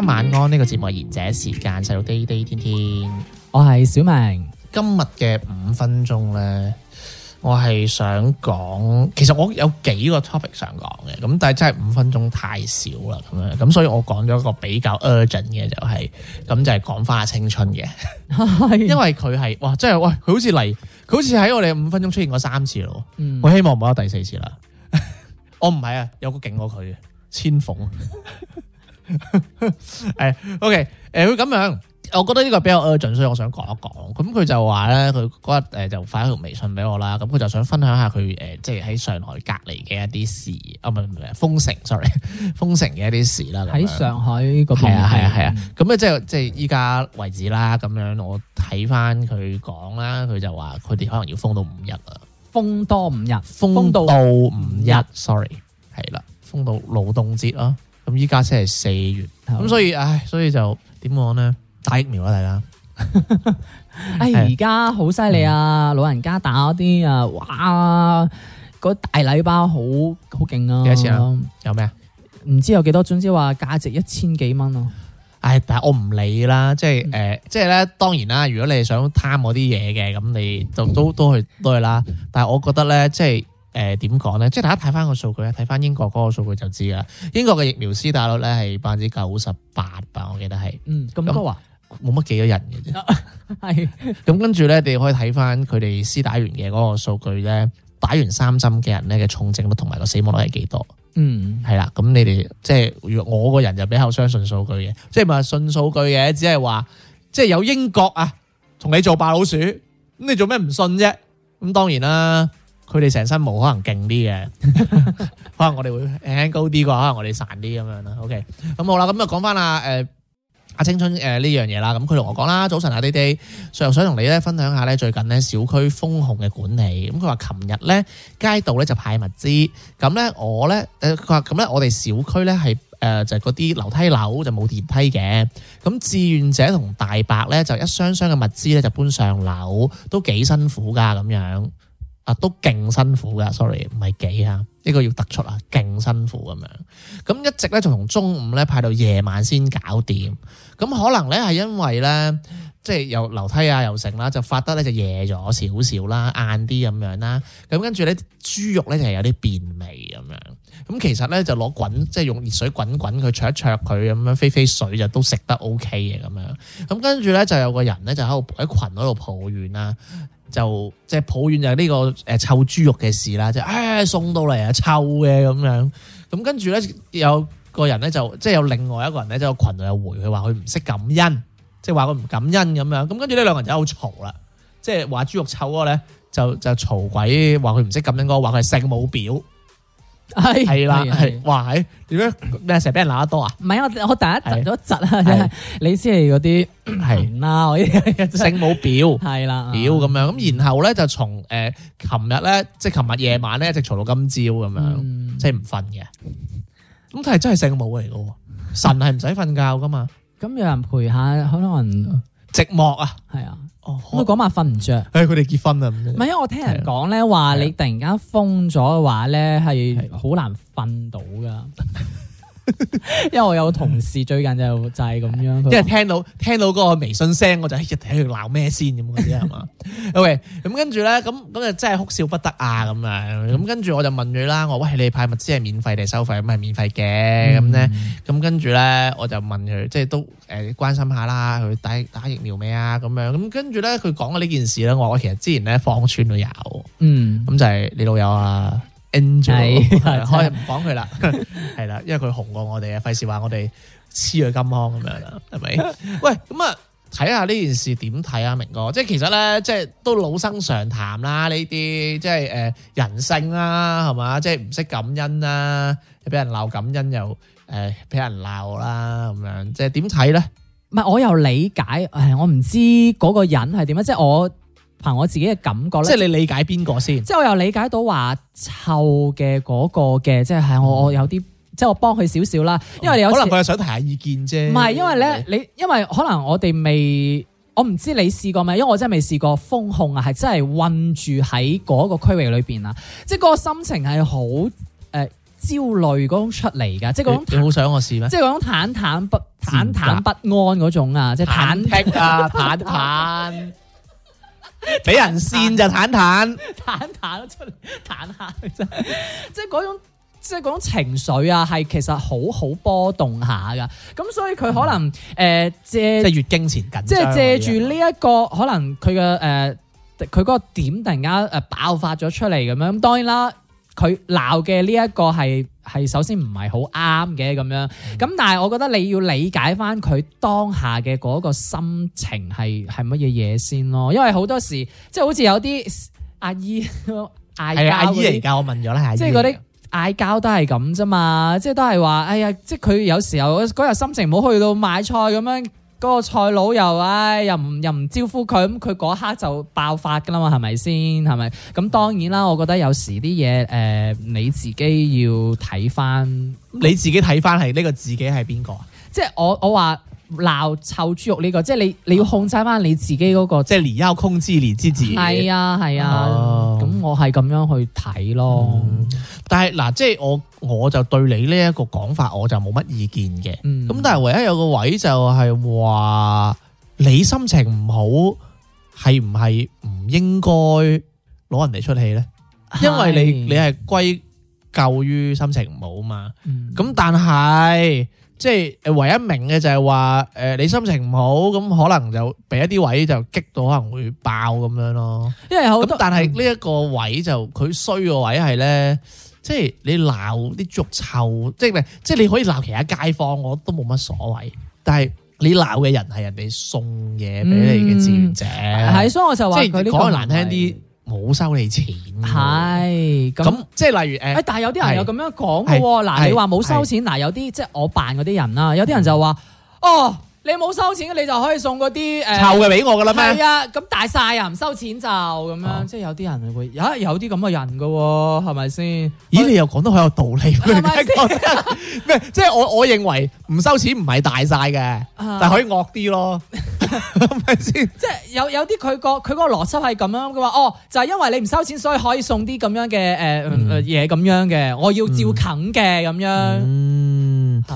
今晚安呢個節目《賢者時間》，細路爹爹天天，我係小明。今日嘅五分鐘咧，我係想講，其實我有幾個 topic 想講嘅，咁但係真係五分鐘太少啦，咁樣，咁所以我講咗一個比較 urgent 嘅、就係，就係咁就係講翻青春嘅，是 因為佢係哇，真係喂，佢好似嚟，佢好似喺我哋五分鐘出現過三次咯，嗯、我希望唔好第四次啦。我唔係啊，有個勁過佢，千鳳。 誒 ，OK，誒、呃，咁樣，我覺得呢個比較 urgent，所以我想講一講。咁佢就話咧，佢嗰日誒就發一條微信俾我啦。咁佢就想分享下佢誒，即係喺上海隔離嘅一啲事，啊，唔係唔係封城，sorry，封城嘅一啲事啦。喺上海嗰邊係啊係啊係啊。咁啊，即係即係依家為止啦。咁樣我睇翻佢講啦，佢就話佢哋可能要封到五日啊，封多五日，封到到五日，sorry，係啦，封到勞動節啦。咁依家先係四月，咁的所以，唉，所以就點講咧？呢打疫苗 啊，大家！唉，而家好犀利啊！老人家打啲啊，哇，嗰大禮包好好勁啊！幾多錢啊？那有咩啊？唔知有幾多樽，總之係話價值一千幾蚊啊！唉，但係我唔理啦，即係，誒、呃，即係咧，當然啦，如果你係想貪我啲嘢嘅，咁你就都都去都去啦。但係我覺得咧，即係。誒點講咧？即係大家睇翻個數據咧，睇翻英國嗰個數據就知㗎啦。英國嘅疫苗施打率咧係百分之九十八吧，我記得係。嗯，咁都話冇乜幾多人嘅啫。係。咁跟住咧，你可以睇翻佢哋施打完嘅嗰個數據咧，打完三針嘅人咧嘅重症率同埋個死亡率係幾多？嗯，係啦。咁你哋即係我個人就比較相信數據嘅，即係話信數據嘅，只係話即係有英國啊，同你做白老鼠，咁你做咩唔信啫？咁當然啦。佢哋成身毛可能勁啲嘅，可能我哋會輕高啲啩，可能我哋散啲咁樣啦。OK，咁好啦，咁就講翻阿誒阿青春誒呢樣嘢啦。咁佢同我講啦，早晨啊，啲啲，上想同你咧分享下咧最近咧小區封控嘅管理。咁佢話琴日咧街道咧就派物資，咁咧我咧誒佢話咁咧我哋小區咧係誒就係嗰啲樓梯樓就冇電梯嘅，咁志願者同大白咧就一箱箱嘅物資咧就搬上樓，都幾辛苦噶咁樣，都勁辛苦噶，sorry，唔係幾啊，呢個要突出啊，勁辛苦咁樣，咁一直咧就從中午咧派到夜晚先搞掂，咁可能咧係因為咧，即係由樓梯啊又成啦，就發得咧就夜咗少少啦，晏啲咁樣啦，咁跟住咧豬肉咧就係有啲變味咁樣，咁其實咧就攞滾，即係用熱水滾滾佢，灼一灼佢咁樣，飛飛水就都食得 OK 嘅咁樣，咁跟住咧就有個人咧就喺度喺群嗰度抱怨啦。就即係抱怨就係呢個誒臭豬肉嘅事啦，即係唉送到嚟啊臭嘅咁樣，咁跟住咧有個人咧就即係、就是、有另外一個人咧喺個群度又回佢話佢唔識感恩，即係話佢唔感恩咁樣，咁跟住呢兩個人就好嘈啦，即係話豬肉臭嗰個咧就就嘈鬼，話佢唔識感恩嗰個話佢係聖母婊。係係啦，係哇！喺點樣咩成日俾人鬧得多啊？唔係我我第一集都窒啊，你先係嗰啲係啦，我啲聖母婊係啦，婊咁樣咁。然後咧就從誒，琴日咧即係琴日夜晚咧，一直嘈到今朝咁樣，即係唔瞓嘅。咁係真係聖母嚟噶，神係唔使瞓覺噶嘛。咁有人陪下，好多人寂寞啊。係啊。我嗰晚瞓唔着，係佢哋結婚啊？唔係，因為我聽人講咧，話的你突然間封咗嘅話咧，係好難瞓到噶。的 因為我有同事最近就就係咁樣，因為聽到說聽到嗰個微信聲，我就一日喺度鬧咩先咁嗰啲係嘛？Okay 咁跟住咧，咁咁就真係哭笑不得啊咁樣！咁跟住我就問佢啦，我話喂，你派物資係免費定係收費？咁係免費嘅咁咧，咁、嗯、跟住咧，我就問佢，即係都誒關心下啦，佢打打疫苗未啊？咁樣咁跟住咧，佢講嘅呢件事咧，我我其實之前咧芳村都有，嗯，咁就係你老友啊。Angel 係，可以唔講佢啦，係啦、嗯，因為佢紅過我哋啊，費事話我哋黐佢金康咁樣啦，係咪？喂，咁啊，睇下呢件事點睇啊，明哥，即係其實咧，即係都老生常談啦，呢啲即係誒、呃、人性啦、啊，係嘛，即係唔識感恩啦、啊，俾人鬧感恩又誒俾、呃、人鬧啦，咁樣即係點睇咧？唔係，我又理解誒，我唔知嗰個人係點樣，即係我。 憑我自己嘅感覺咧，即係你理解邊個先？即係我又理解到話臭嘅嗰、嗰個嘅、嗯，即係我我有啲即係我幫佢少少啦。因為有可能佢係想提下意見啫。唔係，因為咧你，你因為可能我哋未，我唔知你試過未，因為我真係未試過封控啊，係真係困住喺嗰個區域裏邊啊，即係嗰個心情係好誒焦慮嗰種出嚟噶，即係嗰種你。你好想我試咩？即係嗰種忐忑不忐，忐忑不安嗰種啊，即係忐啊，忐忑。俾人扇就彈彈，彈彈都出嚟彈下，即係即係嗰種即係嗰種情緒啊，係其實好好波動下噶。咁所以佢可能誒、嗯呃、借即係月經前緊張即係借住呢一個可能佢嘅誒佢個點突然間誒爆發咗出嚟咁樣。咁當然啦，佢鬧嘅呢一個係。係首先唔係好啱嘅咁樣，咁、嗯、但係我覺得你要理解返佢當下嘅嗰個心情係係乜嘢嘢先咯，因為好多時即係好似有啲阿姨嗌交而家我問咗啦、啊， 即係嗰啲嗌交都係咁啫嘛，即係都係話，哎呀，即係佢有時候嗰日心情唔好，去到買菜咁樣。嗰個菜佬又唉，又唔又唔招呼佢，咁佢嗰刻就爆發㗎喇嘛，係咪先？係咪？咁當然啦，我覺得有時啲嘢誒，你自己要睇返，你自己睇返係呢個自己係邊個？即係我我話。鬧臭豬肉呢、這個，即係你你要控制翻你自己嗰、那個，即係休、空之制之自己。係啊係啊，咁、啊哦、我係咁樣去睇咯。嗯、但係嗱，即係、就是、我我就對你呢一個講法，我就冇乜意見嘅。咁、嗯、但係唯一有個位就係話，你心情唔好，係唔係唔應該攞人哋出氣咧？因為你是你係歸咎於心情唔好嘛。咁、嗯、但係。即係唯一明嘅就係話，誒你心情唔好，咁可能就俾一啲位就激到可能會爆咁樣咯。因為好多，但係呢一個位就佢衰個位係咧，即係你鬧啲濁臭，即係咪？即係你可以鬧其他街坊，我都冇乜所謂。但係你鬧嘅人係人哋送嘢俾你嘅志願者，係、嗯，所以我就話，即係講得難聽啲。冇收你錢，係咁那即係例如，但係有啲人又咁樣講嘅喎，嗱是你話冇收錢，嗱有啲即係我扮嗰啲人啦，有啲人就話的哦。你冇收錢，你就可以送嗰啲誒臭嘅畀我㗎喇咩？係啊，咁大晒又唔收錢就咁樣，哦、即係有啲人會啊，有啲咁嘅人㗎喎，係咪先？以咦，你又講得好有道理，咩？是是啊、即係我我認為唔收錢唔係大晒嘅，但係可以惡啲咯，係咪先？即係有有啲佢個佢嗰個邏輯係咁樣，嘅話哦，就係、是、因為你唔收錢，所以可以送啲咁樣嘅誒嘢咁樣嘅，我要照近嘅咁樣。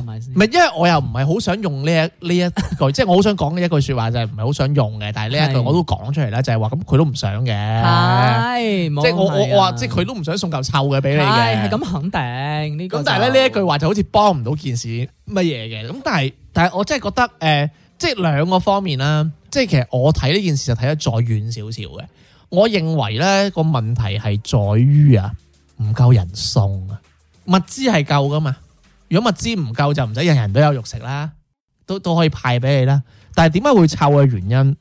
唔係，因為我又唔係好想用呢一呢 一句，即係我好想講嘅一句説話就係唔係好想用嘅，但係呢一句我都講出嚟咧，就係話咁佢都唔想嘅，係的即係我的我我話即係佢都唔想送嚿臭嘅俾你嘅，係咁肯定呢。咁但係咧，呢一句話就好似幫唔到件事乜嘢嘅。咁但係但係我真係覺得誒，即係兩個方面啦，即係其實我睇呢件事就睇得再遠少少嘅，我認為咧，個問題係在於啊唔夠人送啊，物資係夠噶嘛。如果物資唔夠就唔使人人都有肉食啦，都都可以派俾你啦。但係點解會臭嘅原因？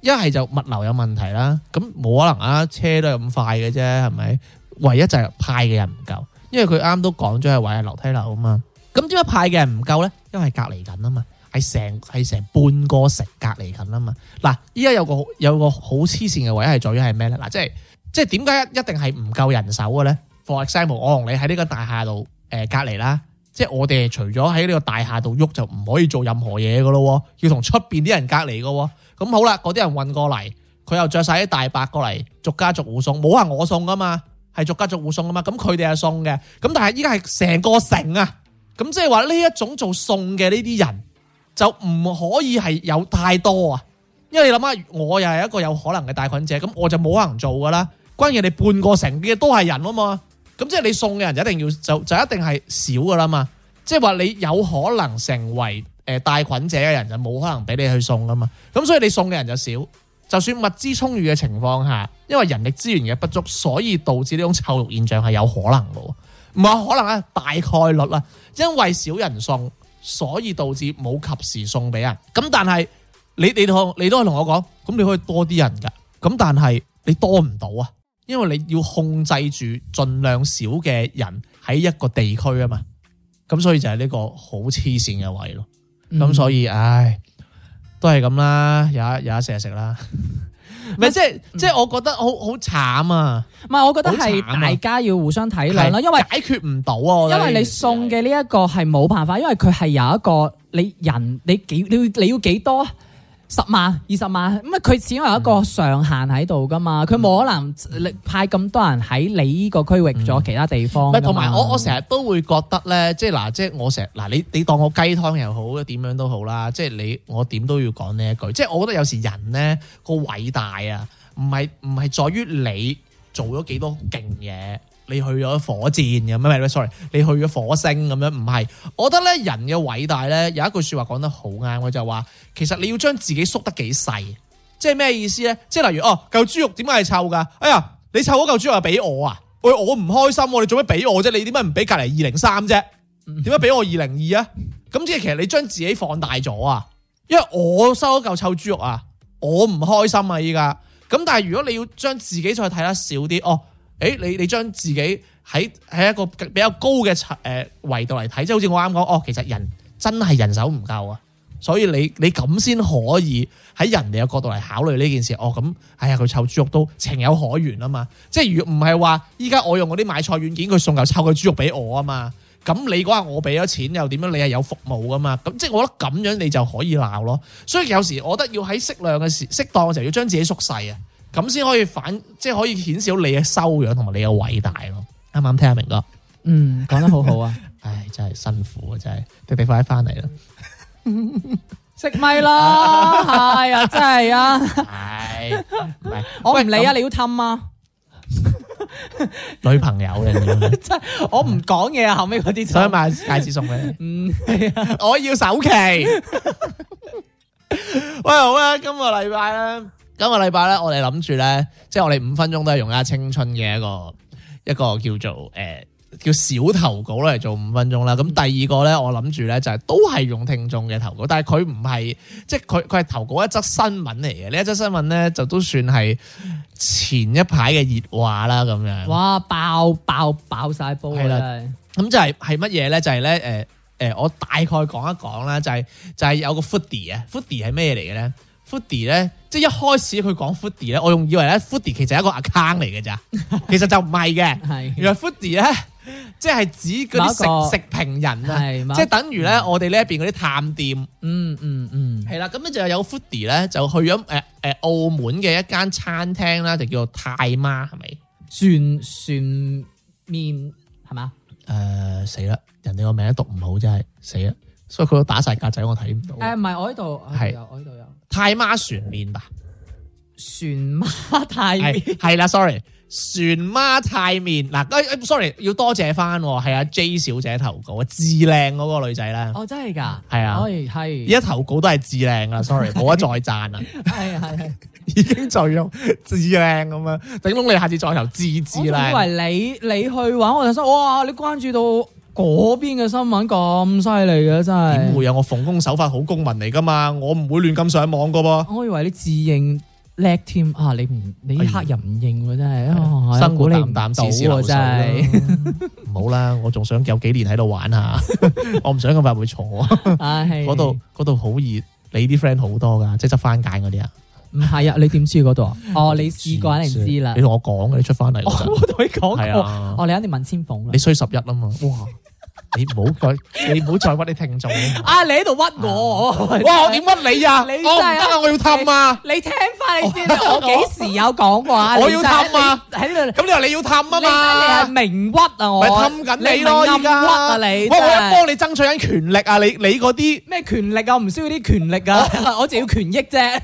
一係就物流有問題啦。咁冇可能啊，車都係咁快嘅啫，係咪？唯一就係派嘅人唔夠，因為佢啱都講咗係位樓梯樓啊嘛。咁點解派嘅人唔夠咧？因為隔離緊啊嘛，係成係成半個城隔離緊啊嘛。嗱，依家有個有個好黐線嘅，唯一係在於係咩咧？嗱，即係即係點解一定係唔夠人手嘅咧？For example，我同你喺呢個大廈度誒隔離啦。即係我哋除咗喺呢個大廈度喐就唔可以做任何嘢噶咯，要同出邊啲人隔離噶喎。咁好啦，嗰啲人運過嚟，佢又着晒啲大白過嚟逐家逐戶送，冇話我送噶嘛，係逐家逐戶送噶嘛。咁佢哋係送嘅，咁但係依家係成個城啊，咁即係話呢一種做送嘅呢啲人就唔可以係有太多啊，因為你諗下，我又係一個有可能嘅帶菌者，咁我就冇可能做噶啦。關於你半個城嘅都係人啊嘛。咁即係你送嘅人就一定要就就一定係少噶啦嘛，即係話你有可能成為誒帶菌者嘅人就冇可能俾你去送噶嘛，咁所以你送嘅人就少，就算物資充裕嘅情況下，因為人力資源嘅不足，所以導致呢種臭肉現象係有可能嘅，唔係可能啊，大概率啦，啊，因為少人送，所以導致冇及時送俾人。咁但係你你同你都可以同我講，咁你可以多啲人噶，咁但係你多唔到啊。因為你要控制住盡量少嘅人喺一個地區啊嘛，咁所以就係呢個好黐線嘅位咯。咁、嗯、所以，唉，都係咁啦，有一有得食就食啦。咪、嗯，即係即係，我覺得好好慘啊！唔係，我覺得係大家要互相體諒咯、啊，因為解決唔到啊。因為你送嘅呢一個係冇辦法，係嘅，因為佢係有一個你人你幾，你，幾你要你要幾多？十萬、二十萬，咁啊佢始終有一個上限喺度噶嘛，佢冇可能你派咁多人喺你呢個區域咗其他地方。同埋、嗯、我我成日都會覺得咧，即係嗱，即係我成日嗱，你你當我雞湯又好，點樣都好啦，即係你我點都要講呢一句，即係我覺得有時人咧個偉大啊，唔係唔係在於你做咗幾多勁嘢。你去咗火箭嘅咩 sorry 你去咗火星咁樣唔係？我覺得咧，人嘅偉大咧，有一句話說話講得好啱，我就話、是，其實你要將自己縮得幾細，即係咩意思咧？即係例如哦，嚿豬肉點解係臭噶？哎呀，你臭嗰嚿豬肉俾我啊？喂，我唔開心、啊，你做咩俾我啫？你點解唔俾隔籬二零三啫？點解俾我二零二啊？咁即係其實你將自己放大咗啊？因為我收咗嚿臭豬肉啊，我唔開心啊依家。咁但係如果你要將自己再睇得少啲哦。誒、欸，你你將自己喺喺一個比較高嘅層誒維度嚟睇，即係好似我啱講，哦，其實人真係人手唔夠啊，所以你你咁先可以喺人哋嘅角度嚟考慮呢件事，哦，咁，哎呀，佢臭豬肉都情有可原啊嘛，即係如唔係話，依家我用嗰啲買菜軟件，佢送嚿臭嘅豬肉俾我啊嘛，咁你嗰下我俾咗錢又點樣？你係有服務噶嘛、啊？咁即係我覺得咁樣，你就可以鬧咯。所以有時我覺得要喺適量嘅時，適當嘅時候要將自己縮細啊。咁先可以反，即係可以顯示到你嘅修養同埋你嘅偉大咯。啱啱聽阿明哥，嗯，講得好好啊。 唉，真係辛苦、 哎、啊，真 係。你哋快啲翻嚟啦。食咪啦，係啊，真係啊，係。我唔理啊，你要氹啊。女朋友你嘅，真係我唔講嘢啊。 後尾嗰啲，想 買戒指送俾你。嗯，係啊，我要首期。 喂，好啊，今個禮拜啦。 今個禮拜咧，我哋諗住咧，即係我哋五分鐘都係用下青春嘅一個一個叫做誒、欸、叫小投稿嚟做五分鐘啦。咁第二個咧，我諗住咧，就係都係用聽眾嘅投稿，但係佢唔係即係佢佢係投稿一則新聞嚟嘅。一則呢一則新聞咧，就都算係前一排嘅熱話啦，咁樣哇爆爆爆晒煲啦！咁就係係乜嘢咧？就係咧誒誒，我大概講一講啦，就係、是、就係、是、有個 Foodie 啊 Foodie 係咩嚟嘅咧？Foodie 咧，即係一開始佢講 Foodie 咧，我仲以為咧 Foodie 其實係一個 account 嚟嘅咋，其實就唔係嘅。係，原來 Foodie 咧，即係指嗰啲食食評人啊，即係等於咧我哋呢一邊嗰啲探店，嗯嗯嗯，係啦。咁咧就有 Foodie 咧，就去咗誒誒澳門嘅一間餐廳啦，就叫做泰媽，係咪算算麵係嘛？誒死啦！人哋個名讀唔好真係死啦，所以佢都打晒格仔我睇唔到。誒唔係我喺度係，我呢度有。泰媽船麵吧，船媽泰麵係啦，sorry，船媽泰麵嗱，sorry，要多謝翻，係啊 J 小姐投稿，自靚嗰個女仔咧，哦，真係噶，係啊，係、而家投稿都係自靚啦，sorry，冇得再讚啊，係係 已經就用「自靚咁樣，整窿你下次再投自自靚， 我以為你你去玩我，我就想，哇，你關注到。嗰邊嘅新聞咁犀利嘅真係，點會有我奉公守法好公民嚟噶嘛？我唔會亂咁上網噶噃。我以為你自認叻添啊！你唔你黑人唔認真係，辛苦。你唔淡少真係。唔好啦，我仲想有幾年喺度玩下，我唔想咁快會坐。係嗰度度好熱，你啲 friend 好多噶，即係執番間嗰啲啊。唔係啊，你點知嗰度啊？哦，你試過你知啦。你同我講你出翻嚟，我同你講啊。哦，你肯定問千鳳，你衰十一啊嘛？哇！你唔好再，你唔好再屈你聽眾。啊，你喺度屈我，哇，我點屈你啊？我唔得啊，我要氹啊！你聽翻你先，我幾時有講過啊？我要氹啊！喺度，咁你話你要氹啊嘛？你係明屈啊！我氹緊你咯，而家屈啊你，我幫你爭取緊權力啊！你你嗰啲咩權力啊？唔需要啲權力啊，我我就要權益啫。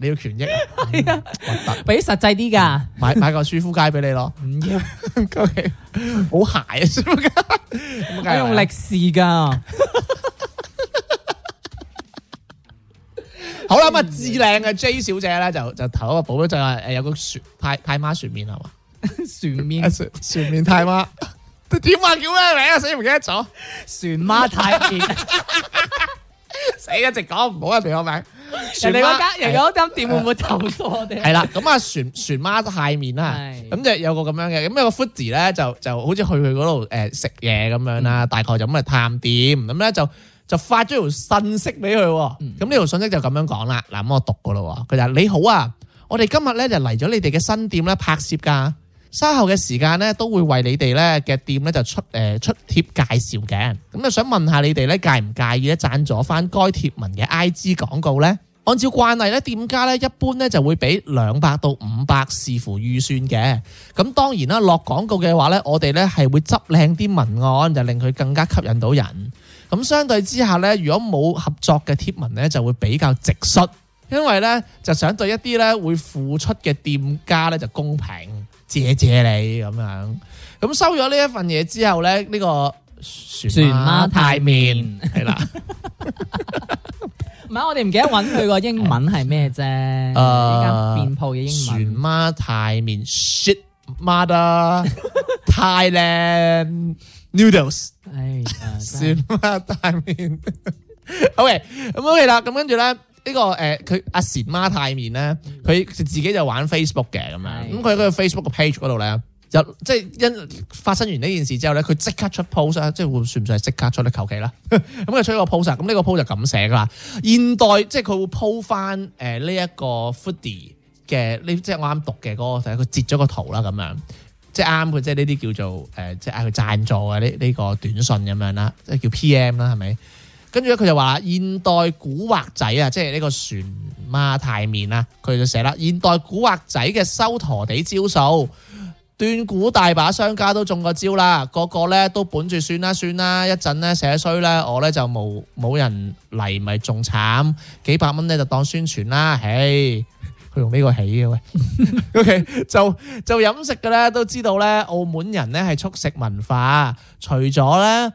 你要權益，俾實際啲噶，買買個舒膚佳俾你咯。唔要，好鞋啊！我用力史噶， 好啦，咁啊、 嗯，至靚嘅 J 小姐咧，就就頭一個波就係誒，有個船泰泰媽船麵係嘛 面、啊，船麵船麵泰媽，點話 叫咩名啊？死唔記得咗， 船媽太泰麵。 死一直講唔好啊，俾我名！人哋嗰間人哋嗰間店會唔會投訴我哋？係啦唉，咁阿是船船媽都係麵啦，咁是就有個咁樣嘅，咁有個 foodie 咧就就好似去佢嗰度誒食嘢咁樣啦，嗯、大概就咁嚟探店，咁咧就就發咗條信息俾佢，咁呢條信息就咁樣講啦，嗱咁我讀噶啦，佢就你好啊，我哋今日咧就嚟咗你哋嘅新店咧拍攝噶。稍後嘅時間咧，都會為你哋咧嘅店咧就出誒、呃、出貼介紹嘅。咁就想問下你哋咧介唔介意咧贊助翻該貼文嘅 I G 廣告呢？按照慣例咧，店家咧一般咧就會俾兩百到五百，視乎預算嘅。咁當然啦，落廣告嘅話咧，我哋咧係會執靚啲文案，就令佢更加吸引到人。咁相對之下咧，如果冇合作嘅貼文咧，就會比較直率，因為咧就想對一啲咧會付出嘅店家咧就公平。謝謝你咁樣，咁收咗呢一份嘢之後咧，呢個船媽泰麵係啦，唔係我哋唔記得搵佢個英文係咩啫？呢間店鋪嘅英文船媽泰麵，Shit Mad Thailand Noodles，係啊，船媽泰麵。OK，咁 OK 啦，咁跟住咧。呢、這個誒佢、呃、阿時媽太麵咧，佢自己就玩 Facebook 嘅咁樣，咁佢喺、嗯、Facebook page 嗰度咧，就即係因發生完呢件事之後咧，佢即刻出 post 啊，即係會算唔算係即刻出得求其啦，咁佢 出咗個 post 啊，咁呢個 post 就咁寫噶啦。現代即係佢會 po 翻誒呢一個 Foodie 嘅呢，即係我啱讀嘅嗰個就係，佢截咗個圖啦咁樣，即係啱嘅，即係呢啲叫做誒、呃，即係嗌佢贊助嘅呢呢個短信咁樣啦，即係叫 PM 啦，係咪？跟住咧，佢就話啦：現代古惑仔啊，即係呢個船媽太面啊。佢就寫啦，現代古惑仔嘅收陀地招數，斷估大把商家都中個招啦。個個咧都本住算啦算啦，一陣咧寫衰咧，我咧就冇冇人嚟，咪仲慘。幾百蚊咧就當宣傳啦。嘿，佢用呢個起嘅喂。 o、okay, K，就就飲食嘅咧都知道咧，澳門人咧係速食文化，除咗咧。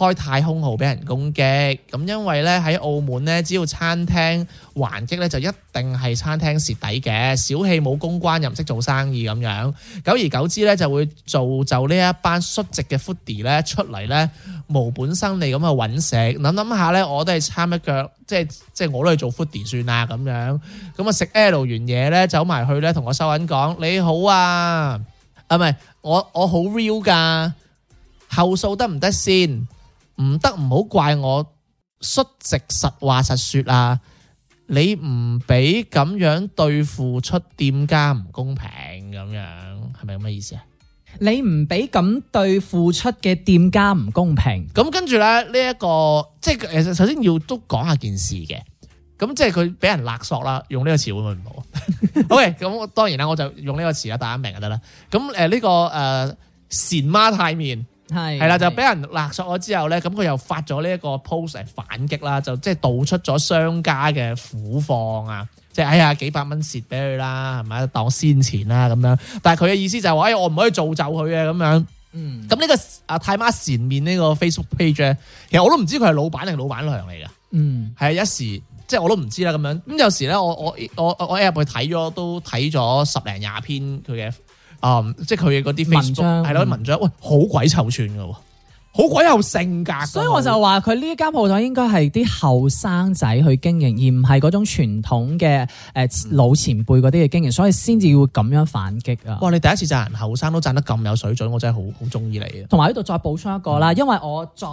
開太空號俾人攻擊咁，因為咧喺澳門咧，只要餐廳還擊咧就一定係餐廳蝕底嘅，小氣冇公關又唔識做生意咁樣，久而久之咧就會造就呢一班率藉嘅 foodie 咧出嚟咧無本生利咁去揾食。諗諗下咧，我都係參一腳，即係即係我都係做 foodie 算啦咁樣。咁啊食 L 完嘢咧，走埋去咧同我收銀講你好啊，啊唔係我我好 real 噶後數得唔得先？唔得唔好怪我，率直，實話實説啊！你唔俾咁樣對付出店家唔公平咁樣，係咪咁嘅意思啊？你唔俾咁對付出嘅店家唔公平，咁跟住咧呢一、這個，即係誒首先要都講下件事嘅，咁即係佢俾人勒索啦，用呢個詞會唔會唔好？OK，咁當然啦，我就用呢個詞啦，大家明就得啦。咁誒呢個誒、呃、善媽太面。係，係啦，的的就俾人勒索咗之後咧，咁佢又發咗呢一個 post 嚟反擊啦，就即係道出咗商家嘅苦況啊，即係哎呀幾百蚊蝕俾佢啦，係咪啊，當先錢啦咁樣。但係佢嘅意思就係話，哎，我唔可以造就佢啊，咁樣。嗯，咁呢個阿太媽前面呢個 Facebook page，其實我都唔知佢係老闆定老闆娘嚟噶。嗯，係啊，一時即係我都唔知啦咁樣。咁有時咧，我我我我一入去睇咗，都睇咗十零廿篇佢嘅。嗯，um，即係佢嘅嗰啲文章係咯，了文章喂好鬼臭串噶，好鬼有性格。所以我就話佢呢一間鋪頭應該係啲後生仔去經營，而唔係嗰種傳統嘅誒、呃、老前輩嗰啲嘅經營，所以先至會咁樣反擊啊。哇！你第一次讚人後生都讚得咁有水準，我真係好好中意你啊。同埋呢度再補充一個啦，嗯、因為我再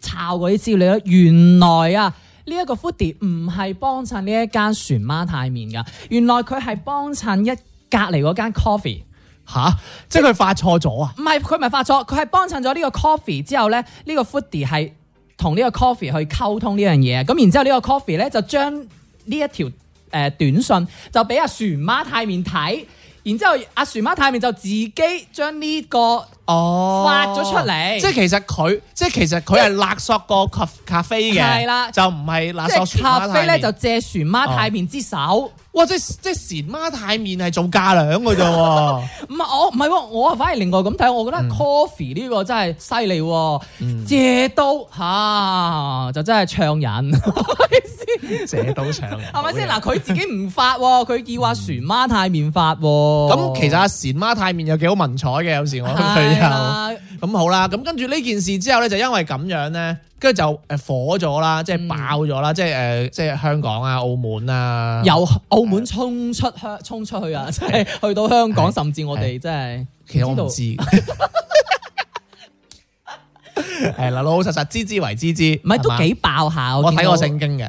抄嗰啲資料咧，原來啊呢一、這個 Foodie 唔係幫襯呢一間船媽太麵噶，原來佢係幫襯一隔籬嗰間 coffee。吓！哈即係佢發錯咗啊？唔係佢唔係發錯，佢係幫襯咗呢個 coffee 之後咧，呢、這個 foodie 係同呢個 coffee 去溝通呢樣嘢。咁然之後呢個 coffee 咧就將呢一條誒短信就俾阿船媽太麵睇，然之後阿船媽太麵就自己將呢個發哦發咗出嚟。即係其實佢，即係其實佢係勒索個咖咖啡嘅，即就唔係勒索船媽太麵。即係咖啡咧就借船媽太麵之手。哦。哇！即即僉媽太面係做嫁娘嘅啫喎，唔係 我唔係我啊反而另外咁睇，我覺得 coffee 呢個真係犀利，嗯、借刀嚇、啊、就真係唱人， 借刀唱，係咪先？嗱，佢自己唔發，佢叫話僉媽太面發喎。咁、嗯、其實阿僉媽太面又幾好文采嘅，有時我覺得佢又咁好啦。咁跟住呢件事之後咧，就因為咁樣咧。跟住就誒火咗啦，即係爆咗啦，即係誒，即係香港啊，澳門啊，嗯、由澳門衝出香，的衝出去啊，即係去到香港，的甚至我哋即係，其實我唔知。 係啦，老老實實知之為知之，之，唔係都幾爆下，我睇過聖經嘅，係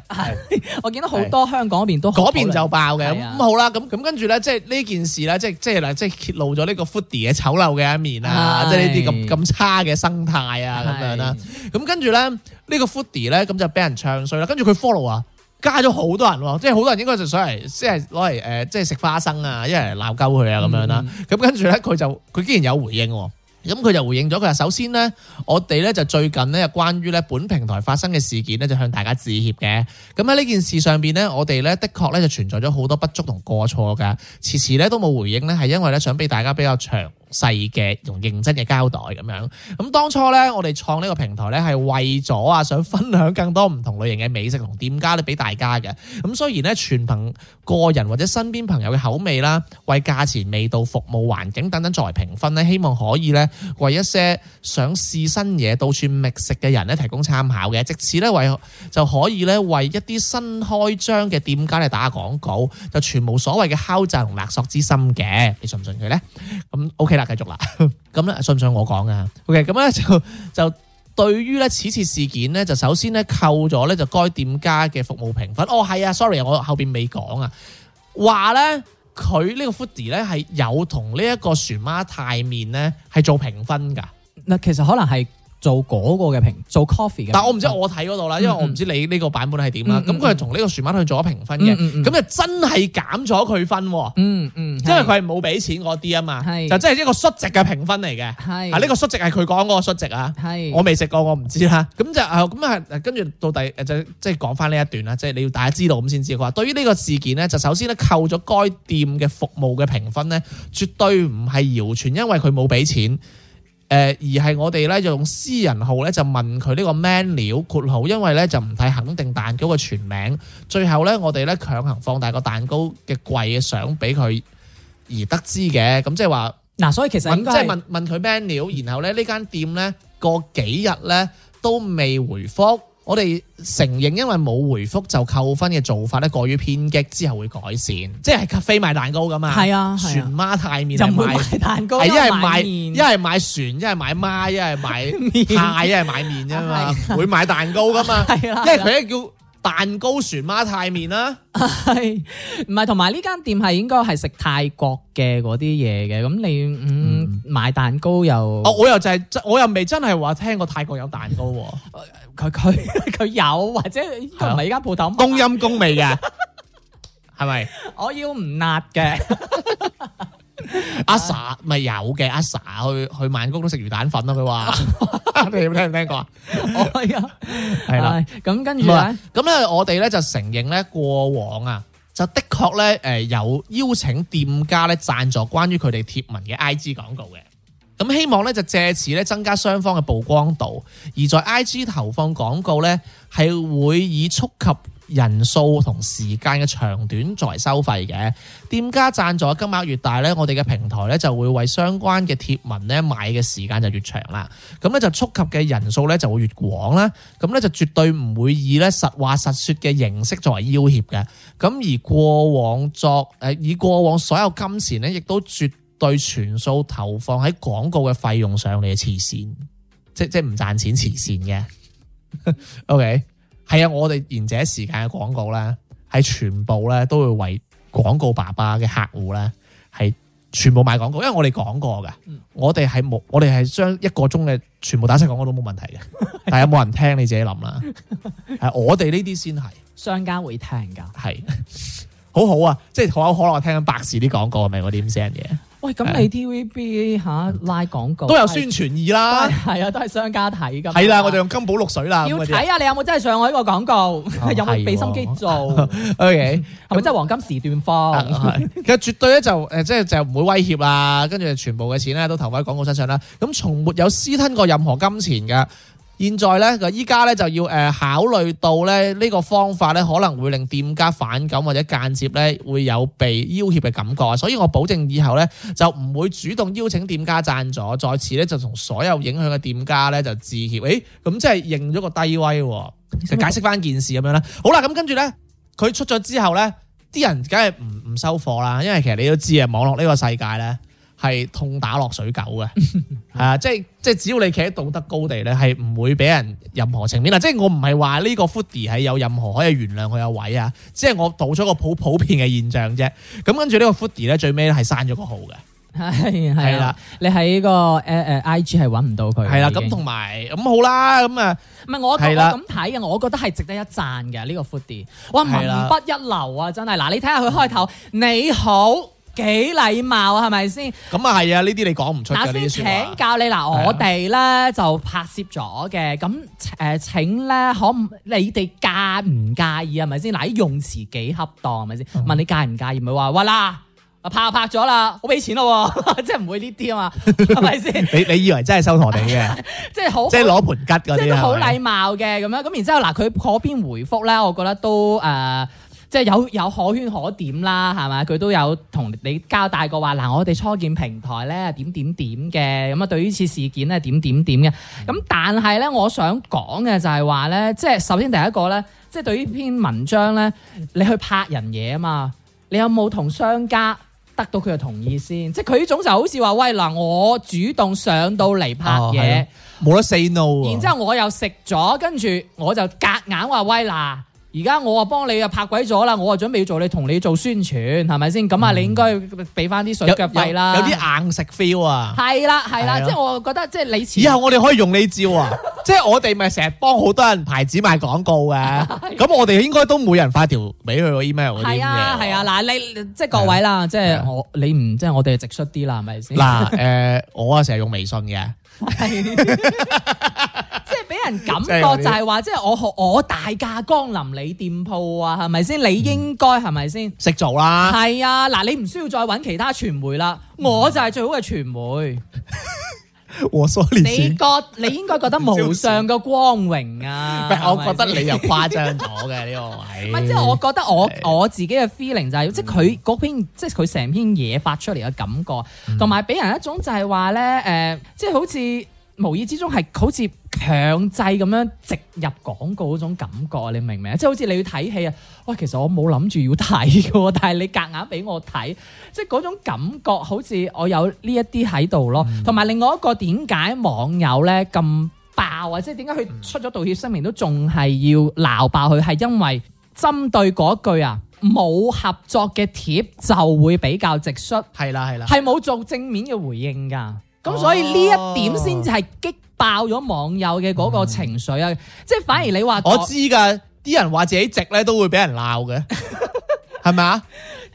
吧我見到好 多香港嗰邊都嗰邊的就爆嘅咁的、嗯、好啦，咁咁跟住咧，即係呢件事咧，即係即係嗱，即係揭露咗呢個 Foodie 嘅醜陋嘅一面啦，的即係的呢啲咁咁差嘅生態啊，咁樣啦。咁跟住咧，呢個 Foodie 咧，咁就俾人唱衰啦。跟住佢 follow 啊，加咗好多人，即係好多人應該就想嚟，即係攞嚟誒，即係食花生啊，一係鬧鳩佢啊，咁樣啦。咁、嗯、跟住咧，佢就佢竟然有回應。咁佢就回應咗，佢話：首先咧，我哋咧就最近咧，就關於咧本平台發生嘅事件咧，就向大家致歉嘅。咁喺呢件事上邊咧，我哋咧的確咧就存在咗好多不足同過錯㗎。遲遲咧都冇回應咧，係因為咧想俾大家比較長，細嘅用認真嘅交代咁樣，咁當初呢，我哋創呢個平台呢，係為咗啊，想分享更多唔同類型嘅美食同店家咧俾大家嘅。咁雖然呢，全憑個人或者身邊朋友嘅口味啦，為價錢、味道、服務、環境等等作為評分呢，希望可以呢，為一些想試新嘢、到處覓食嘅人呢提供參考嘅，直至呢，為就可以呢，為一啲新開張嘅店家咧打廣告，就全無所謂嘅敲詐同勒索之心嘅，你信唔信佢呢？咁 OK 啦。繼續啦，咁 咧、嗯、信唔信我講啊？OK，咁、嗯、咧就就對於咧此次事件咧，就首先咧扣咗咧就該店家嘅服務評分。哦，係啊，sorry，我後邊未講啊，話咧佢呢個 foodie 咧係有同呢一個船媽太面咧係做評分噶。嗱，其實可能係。做嗰個嘅評，做 coffee 嘅，但我唔知我睇嗰度啦，因為我唔知你呢個版本係點啦。咁佢係從呢個船碼去做咗評分嘅，咁就真係減咗佢分。嗯嗯，因為佢係冇俾錢嗰啲啊嘛，就即係一個率值嘅評分嚟嘅。係啊，呢個率值係佢講嗰個率值啊。係我未食過，我唔知啦。咁就啊，咁啊，跟住到底，誒，即係即係講翻呢一段啦，即係你要大家知道咁先知佢話，對於呢個事件咧，就首先咧扣咗該店嘅服務嘅評分咧，絕對唔係謠傳，因為佢冇俾錢。誒而係我哋咧就用私人號咧就問佢呢個 menu 括號，因為咧就唔太肯定蛋糕嘅全名。最後咧我哋咧強行放大個蛋糕嘅櫃嘅相俾佢而得知嘅。咁即係話嗱，所以其實即係問問佢 menu。然後咧呢間店咧過幾日咧都未回覆。我哋承認，因為冇回覆就扣分嘅做法咧過於偏激，之後會改善，即係咖啡賣蛋糕噶嘛！係啊，船媽太麵就買蛋糕，係一係買一係買船，一係買媽，一係買太，一係買麵啫嘛，會買蛋糕噶嘛，因為佢一叫。蛋糕船媽太麵、啊、媽太麵啦，係唔係？同埋呢間店係應該係食泰國嘅嗰啲嘢嘅，咁你嗯，嗯買蛋糕又，我、哦、我又就係、係，我又未真係話聽過泰國有蛋糕喎、啊。佢佢佢有，或者係唔係依間鋪頭？公陰 公，公味嘅，係咪？ 我要唔不辣嘅。 阿 sa 咪有嘅，阿 sa 去去曼谷都食魚蛋粉咯，佢話，你有冇聽唔聽過啊？係啊， 係啦。咁跟住咁咧我哋咧就承認咧過往啊，就的確咧誒有邀請店家咧贊助關於佢哋貼文嘅 I G 廣告嘅。咁希望咧就借此咧增加雙方嘅曝光度，而在 I G 投放廣告咧係會以觸及。人數同時間嘅長短作為收費嘅，店家贊助金額越大呢，我哋嘅平台呢，就會為相關嘅貼文呢買嘅時間就越長啦。咁咧就觸及嘅人數呢就會越廣啦。咁咧就絕對唔會以咧實話實說嘅形式作為要挾嘅。咁而過往作誒，以過往所有金錢呢，亦都絕對全數投放喺廣告嘅費用上嚟，嘅慈善，即即係唔賺錢慈善嘅。 OK。係啊，我哋延者時間嘅廣告咧，係全部咧都會為廣告爸爸嘅客戶咧，係全部賣廣告，因為我哋講過嘅、嗯，我哋係冇，我哋係將一個鐘嘅全部打晒廣告都冇問題嘅， 但有冇人聽你自己諗啦，係 我哋呢啲先係商家會聽噶，係，好好啊，即係好有可能聽緊百事啲廣告，明唔明我點講嘢？ 喂，咁你 TVB 吓、啊、拉廣告都有宣傳意啦，係啊，都係商家睇噶。係啦、啊，我就用金寶綠水啦。要睇下、啊、你有冇真係上我呢個廣告？哦、 有冇俾心機做、哦、？OK，係咪 那 真係黃金時段貨？啊、 其實絕對咧就誒，即係就唔、是、會威脅啦。跟住全部嘅錢咧都投喺廣告身上啦。咁從沒有私吞過任何金錢嘅。現在咧，依家咧就要誒考慮到咧呢個方法咧可能會令店家反感或者間接咧會有被要挾嘅感覺，所以我保證以後咧就唔會主動邀請店家贊助，再次咧就從所有影響嘅店家咧就致歉，誒、哎、咁即係認咗個低威，就解釋翻件事咁樣啦。好啦，咁跟住咧佢出咗之後咧，啲人梗係唔唔收貨啦，因為其實你都知啊，網絡呢個世界咧。係痛打落水狗嘅，係啊，即係即係只要你企喺道德高地咧，係唔會俾人任何情面啊！即係我唔係話呢個 Foodie 係有任何可以原諒佢嘅位啊，即係我倒咗個普普遍嘅現象啫。咁跟住呢個 Foodie 咧，最尾咧係刪咗個號嘅，係係啦。你喺呢個誒誒 IG 係揾唔到佢，係啦。咁同埋咁好啦，咁啊，唔係我我咁睇嘅，我覺得係值得一讚嘅呢個 Foodie 哇文筆一流啊，真係嗱！你睇下佢開頭，你好。幾禮貌係咪先？咁啊係啊，呢啲你講唔出噶。先請教你嗱，的我哋咧就拍攝咗嘅。咁誒的請咧，可你哋介唔介意係咪先？嗱用詞幾恰當係咪先？是是嗯、問你介唔介意，咪 會話哇啦拍拍咗啦，好俾錢咯，即係唔會呢啲啊嘛，係咪先？你你以為真係收陀地嘅？ 即係好，即係攞盤吉嗰啲即係好禮貌嘅咁樣。咁然之後嗱，佢嗰邊回覆咧，我覺得都誒。呃即係有有可圈可點啦，係咪？佢都有同你交代過話，嗱、呃，我哋初見平台咧點點點嘅，咁啊對於呢次事件咧點點點嘅。咁但係咧，我想講嘅就係話咧，即係首先第一個咧，即係對呢篇文章咧，你去拍人嘢啊嘛，你有冇同商家得到佢嘅同意先？即係佢呢種就好似話喂，嗱、呃，我主動上到嚟拍嘢，冇、哦、得 say no。然之後我又食咗，跟住我就夾硬話威嗱。而家我啊幫你啊拍鬼咗啦，我啊準備要做你同你做宣傳，係咪先？咁啊，你應該俾翻啲水腳費啦。有有啲硬食 feel 啊！係啦係啦，即係我覺得即係你。以後我哋可以用呢招啊！即係我哋咪成日幫好多人牌子賣廣告嘅。咁我哋應該都每人發條俾佢個 email 嗰啲嘢。係啊係啊，嗱你即係各位啦，即係我你唔即係我哋直率啲啦，係咪先？嗱誒，我啊成日用微信嘅。俾人感覺就係話，即係我學我大駕光臨你店鋪啊，係咪先？你應該係咪先？識做啦，係啊！嗱，你唔需要再搵其他傳媒啦，我就係最好嘅傳媒。我所你覺你應該覺得無上嘅光榮啊！唔係，我覺得你又誇張咗嘅呢個位。唔係，即係我覺得我我自己嘅 feeling 就係，即係佢嗰篇，即係佢成篇嘢發出嚟嘅感覺，同埋俾人一種就係話咧，誒，即係好似。無意之中係好似強制咁樣植入廣告嗰種感覺，你明唔明啊？即係好似你要睇戲啊，哇！其實我冇諗住要睇㗎喎，但係你夾硬俾我睇，即係嗰種感覺好似我有呢一啲喺度咯。同埋、嗯、另外一個點解網友咧咁爆啊？即係點解佢出咗道歉聲明都仲係要鬧爆佢？係因為針對嗰句啊，冇合作嘅貼就會比較直率。係啦，係啦，係冇做正面嘅回應㗎。咁所以呢一點先至係激爆咗網友嘅嗰個情緒啊！嗯、即係反而你話我知㗎，啲人話自己直咧都會俾人鬧嘅，係咪啊？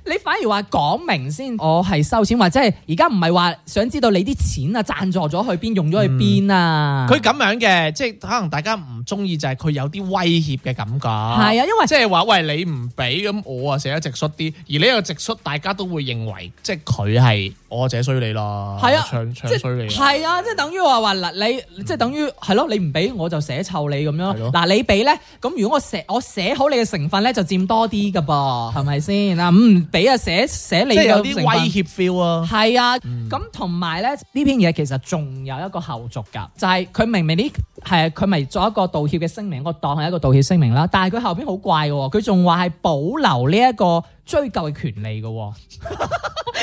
你反而話講明先，我係收錢，或者係而家唔係話想知道你啲錢啊，贊助咗去邊，用咗去邊啊？佢咁、嗯、樣嘅，即係可能大家唔中意就係、是、佢有啲威脅嘅感覺。係啊，因為即係話喂，你唔俾咁，我啊寫得直率啲，而呢個直率大家都會認為即係佢係我者衰你啦。係啊，唱唱衰你。係啊，即係、啊、等於話話嗱，你即係等於係咯、嗯啊，你唔俾我就寫臭你咁樣。嗱、啊啊，你俾咧，咁如果我寫我寫好你嘅成分咧，就佔多啲㗎噃，係咪先啊？唔、嗯、俾。嗯寫寫你啊，寫寫你有啲威脅 feel 啊，係 啊，咁同埋咧呢篇嘢其實仲有一個後續噶，就係、是、佢明明呢，係佢咪作一個道歉嘅聲明，我當係一個道歉聲明啦。但係佢後邊好怪嘅，佢仲話係保留呢一個追究嘅權利嘅，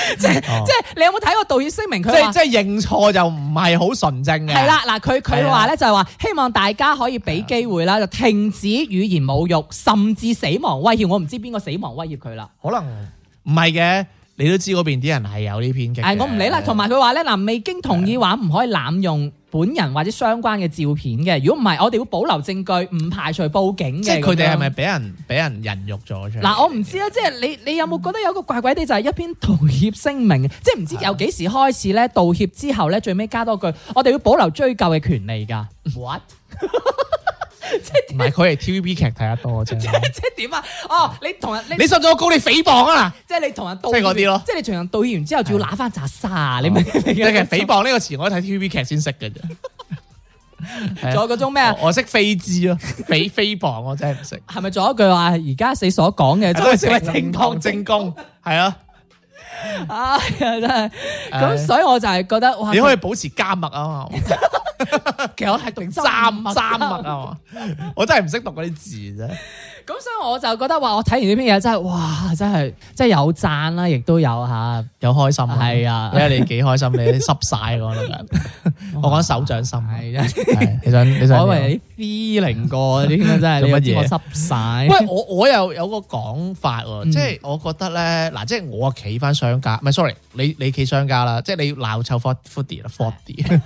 即係、哦、即係你有冇睇過道歉聲明？佢即即係認錯就唔係好純正嘅。係 啦，嗱，佢佢話咧就係、是、話希望大家可以俾機會啦，就的 停止語言侮辱，甚至死亡威脅。我唔知邊個死亡威脅佢啦，可能。唔係嘅，你都知嗰邊啲人係有呢篇嘅。係、哎、我唔理啦。同埋佢話咧，嗱未經同意話唔可以濫用本人或者相關嘅照片嘅。如果唔係，我哋會保留證據，唔排除報警嘅、哎。即係佢哋係咪俾人俾人人肉咗出嚟？嗱，我唔知啦。即係你你有冇覺得有個怪怪啲就係一篇道歉聲明？即係唔知由幾時開始咧道歉之後咧最尾加多句，我哋要保留追究嘅權利㗎。What？ 唔係佢係 TVB 劇睇得多啫，我即係即係點啊？哦、oh，你同人 你，你信唔信我告你誹謗啊？即係你同人道，即係嗰啲咯，即係你同人道歉完之後拿，仲要拿翻砸沙，你明唔明？其實誹謗呢個詞，我都睇 TVB 劇先識嘅啫。仲 有嗰種咩啊？ 我識非字咯，比誹謗我真係唔識。係咪仲有一句話？而家你所講嘅，就係成為正堂正公，係啊。 呀、啊，真係咁，哎、所以我就係覺得，你可以保持加密啊嘛， 其實我係讀斬斬密啊嘛，我真係唔識讀嗰啲字啫。咁所以我就覺得話，我睇完呢篇嘢真係，哇！真係，真係有讚啦，亦都有吓，有開心。係啊，因為你幾開心，你濕晒我啦！我講手掌心，係啊！你想你想，我為啲 feel 零過啲咁，真係乜嘢濕晒？喂，我我又有個講法喎，即係我覺得咧，嗱，即係我企返商家，唔係 sorry，你你企商家啦，即係你要鬧臭 Foodie 啦，Foodie。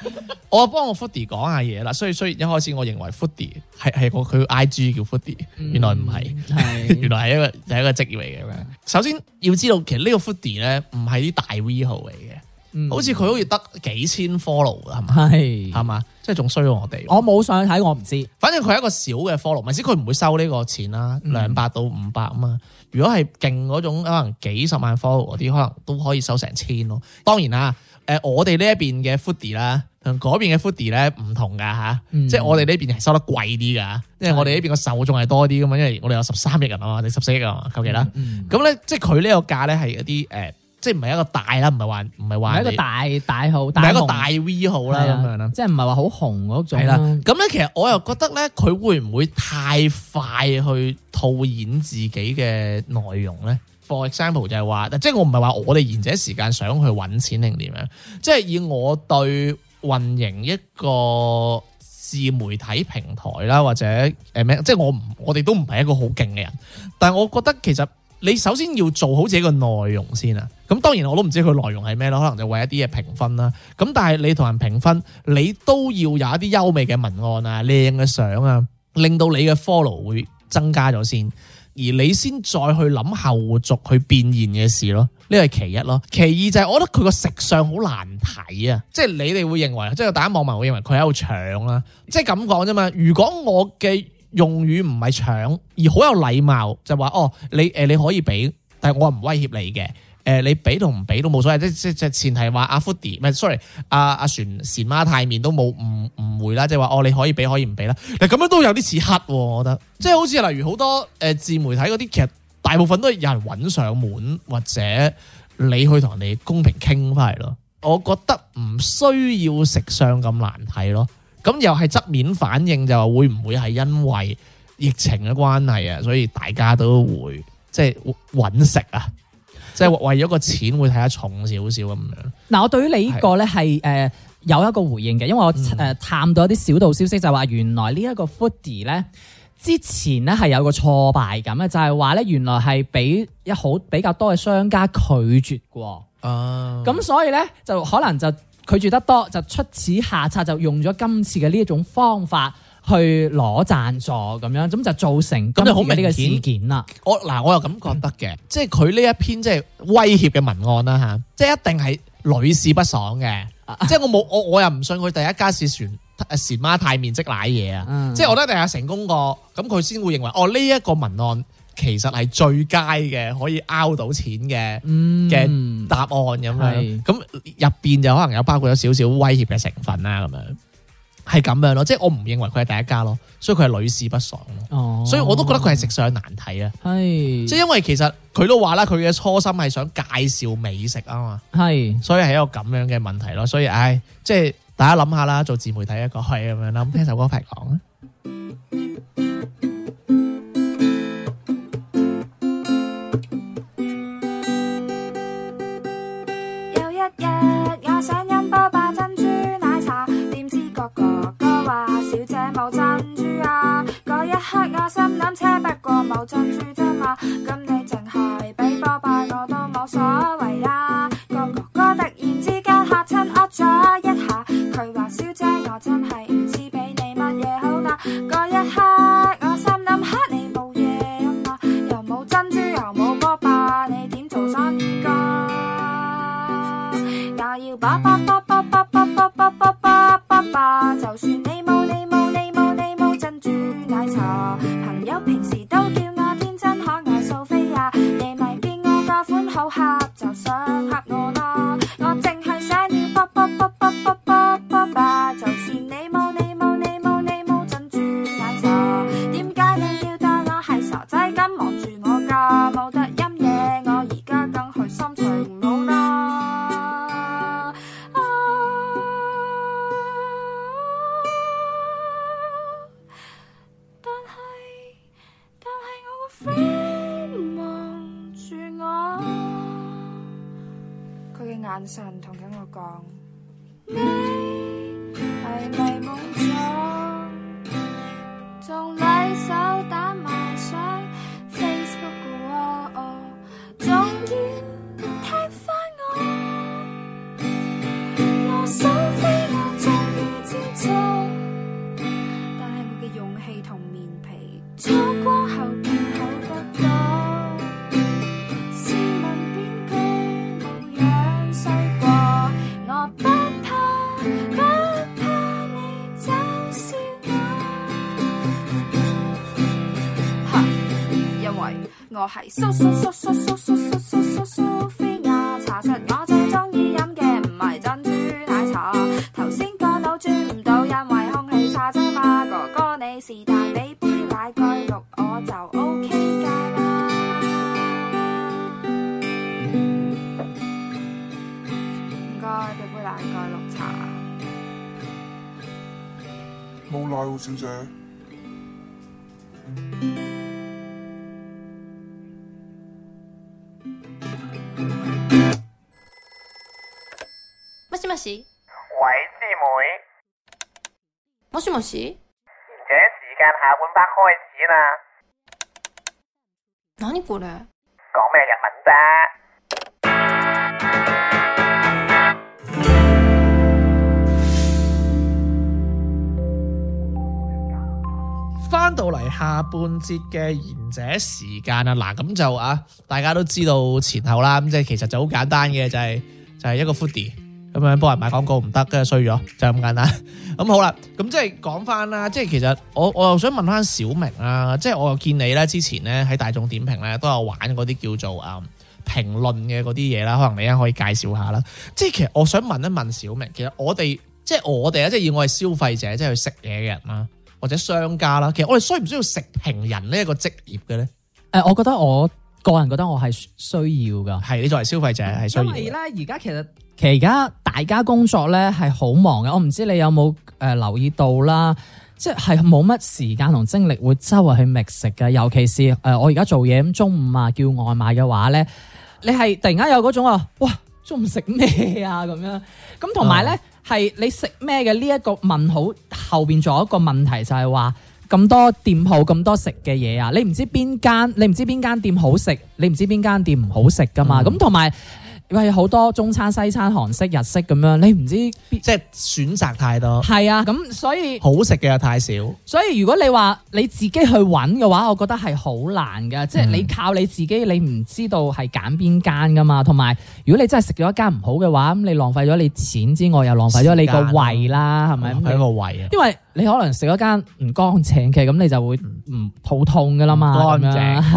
我幫我 Foodie 講下嘢啦，所以所以一開始我認為 Foodie 係係我佢 IG 叫 Foodie，原來唔～係，原來係一個係一個職業嚟嘅。首先要知道，其實呢個 Foodie 咧唔係啲大 V 號嚟嘅，嗯、好似佢好似得幾千 follow 噶係嘛，係嘛是，即係仲衰過我哋。我冇上睇，我唔知。反正佢係一個小嘅 follow，唔知佢唔會收呢個錢啦，兩百到五百啊嘛。嗯、如果係勁嗰種可能幾十萬 follow 嗰啲，可能都可以收成千咯。當然啊，誒，我哋呢一邊嘅 Foodie 啦。嗰邊嘅 foodie 咧唔同噶吓，嗯、即係我哋呢邊係收得貴啲噶，嗯、因為我哋呢邊嘅受眾係多啲噶嘛，的因為我哋有十三億人啊嘛，定十四億啊嘛，求其啦。咁咧、嗯嗯，即係佢呢個價咧係一啲誒、呃，即係唔係一個大啦，唔係話唔係話一個大大號，唔係一個大 V 號啦，咁的樣啦，的即係唔係話好紅嗰種、啊。啦，咁咧其實我又覺得咧，佢會唔會太快去套現自己嘅內容咧？For example 就係、是、話，即係我唔係話我哋賢者時間想去搵錢定點樣，即、就、係、是、以我對。運營一個自媒體平台啦，或者誒咩，呃，即係我唔，我哋都唔係一個好勁嘅人，但係我覺得其實你首先要做好自己嘅內容先啊。咁當然我都唔知佢內容係咩咯，可能就為一啲嘢評分啦。咁但係你同人評分，你都要有一啲優美嘅文案啊、靚嘅相啊，令到你嘅 follow 會增加咗先。而你先再去諗後續去變現嘅事咯，呢個係其一咯。其二就係我覺得佢個食相好難睇啊，即係你哋會認為，即係大家網民會認為佢喺度搶啦、啊，即係咁講啫嘛。如果我嘅用語唔係搶，而好有禮貌，就話哦，你誒你可以俾，但係我唔威脅你嘅。誒、呃，你俾同唔俾都冇所謂，即即即係前提話阿富迪，唔係，sorry，阿阿船船媽太面都冇誤誤會啦，即係話哦，你可以俾，可以唔俾啦。嗱咁樣都有啲似黑、啊，我覺得，即係好似例如好多誒、呃、自媒體嗰啲，其實大部分都係有人揾上門，或者你去同人哋公平傾翻嚟咯。我覺得唔需要食相咁難睇咯。咁又係側面反應就話會唔會係因為疫情嘅關係啊？所以大家都會即係揾食啊？即係為咗個錢會睇得重少少咁樣。嗱，我對於你呢個咧係誒有一個回應嘅，的因為我誒探到一啲小道消息，嗯、就話原來呢一個 Foodie 咧之前咧係有個挫敗感嘅，就係話咧原來係俾一好比較多嘅商家拒絕過。哦，咁所以咧就可能就拒絕得多，就出此下策，就用咗今次嘅呢一種方法。去攞贊助咁樣，咁就造成今日呢個事件啦。我嗱，我又咁覺得嘅、嗯啊，即係佢呢一篇即係威脅嘅文案啦吓，即係一定係屢試不爽嘅。唉即係我冇我我又唔信佢第一家是船船媽太面積、嗯、即係瀨嘢啊。即係我覺得一定係成功過，咁佢先會認為哦呢一、這個文案其實係最佳嘅可以 out 到錢嘅嘅答案咁樣。咁入邊就可能有包括咗少少威脅嘅成分啦咁樣。係咁樣咯，即係我唔認為佢係第一家咯，所以佢係屢試不爽哦，所以我都覺得佢係食相難睇啊。係是，即係因為其實佢都話啦，佢嘅初心係想介紹美食啊嘛。係是，所以係一個咁樣嘅問題咯。所以，唉，即係大家諗下啦，做自媒體一個係咁樣啦。咁聽首歌分享啊。係蘇蘇蘇蘇蘇蘇蘇蘇蘇菲亞，查實我最鍾意飲嘅唔係珍珠奶茶，頭先個腦轉唔到，因為空氣差啫嘛。哥哥你是但畀杯奶蓋綠，我就 OK 噶啦。唔該，畀杯奶蓋綠茶。冇奶，喎，小姐。賢者時間下半 part 開始啦。講咩日文啫？翻到嚟下半節嘅賢者時間啊，嗱咁就啊，大家都知道前後啦，咁即係其實就好簡單嘅，就係就係一個 foodie。咁樣幫人買廣告唔得，跟住衰咗就係咁簡單。咁好啦，咁即係講翻啦，即係其實我我又想問翻小明啦，即係我又見你咧之前咧喺大眾點評咧都有玩嗰啲叫做啊評論嘅嗰啲嘢啦，可能你一可以介紹下啦。即係其實我想問一問小明，其實我哋即係我哋咧，即係以我係消費者即係去食嘢嘅人啦，或者商家啦，其實我哋需唔需要食評人呢一個職業嘅咧？誒，我覺得我個人覺得我係需要噶，係，你作為消費者係需要。因為咧，而家其實。其實而家大家工作咧係好忙嘅，我唔知你有冇誒留意到啦，即係冇乜時間同精力會周圍去覓食㗎。尤其是誒我而家做嘢咁，中午啊叫外賣嘅話咧，你係突然間有嗰種啊，哇！中午食咩啊咁樣？咁同埋咧，係你食咩嘅呢一個問號後邊仲有一個問題，就係話咁多店鋪咁多食嘅嘢啊，你唔知邊間你唔知邊間店好食，你唔知邊間店唔好食噶嘛？咁同埋。喂，好多中餐、西餐、韓式、日式咁樣，你唔知即係選擇太多。係啊，咁所以好食嘅又太少。所以如果你話你自己去揾嘅話，我覺得係好難噶。即係、嗯、你靠你自己，你唔知道係揀邊間噶嘛。同埋如果你真係食咗一間唔好嘅話，咁你浪費咗你錢之外，又浪費咗你個胃啦，係咪？喺個胃啊，是是啊因為你可能食咗間唔乾淨嘅，咁你就會唔肚痛噶啦嘛。乾淨，是是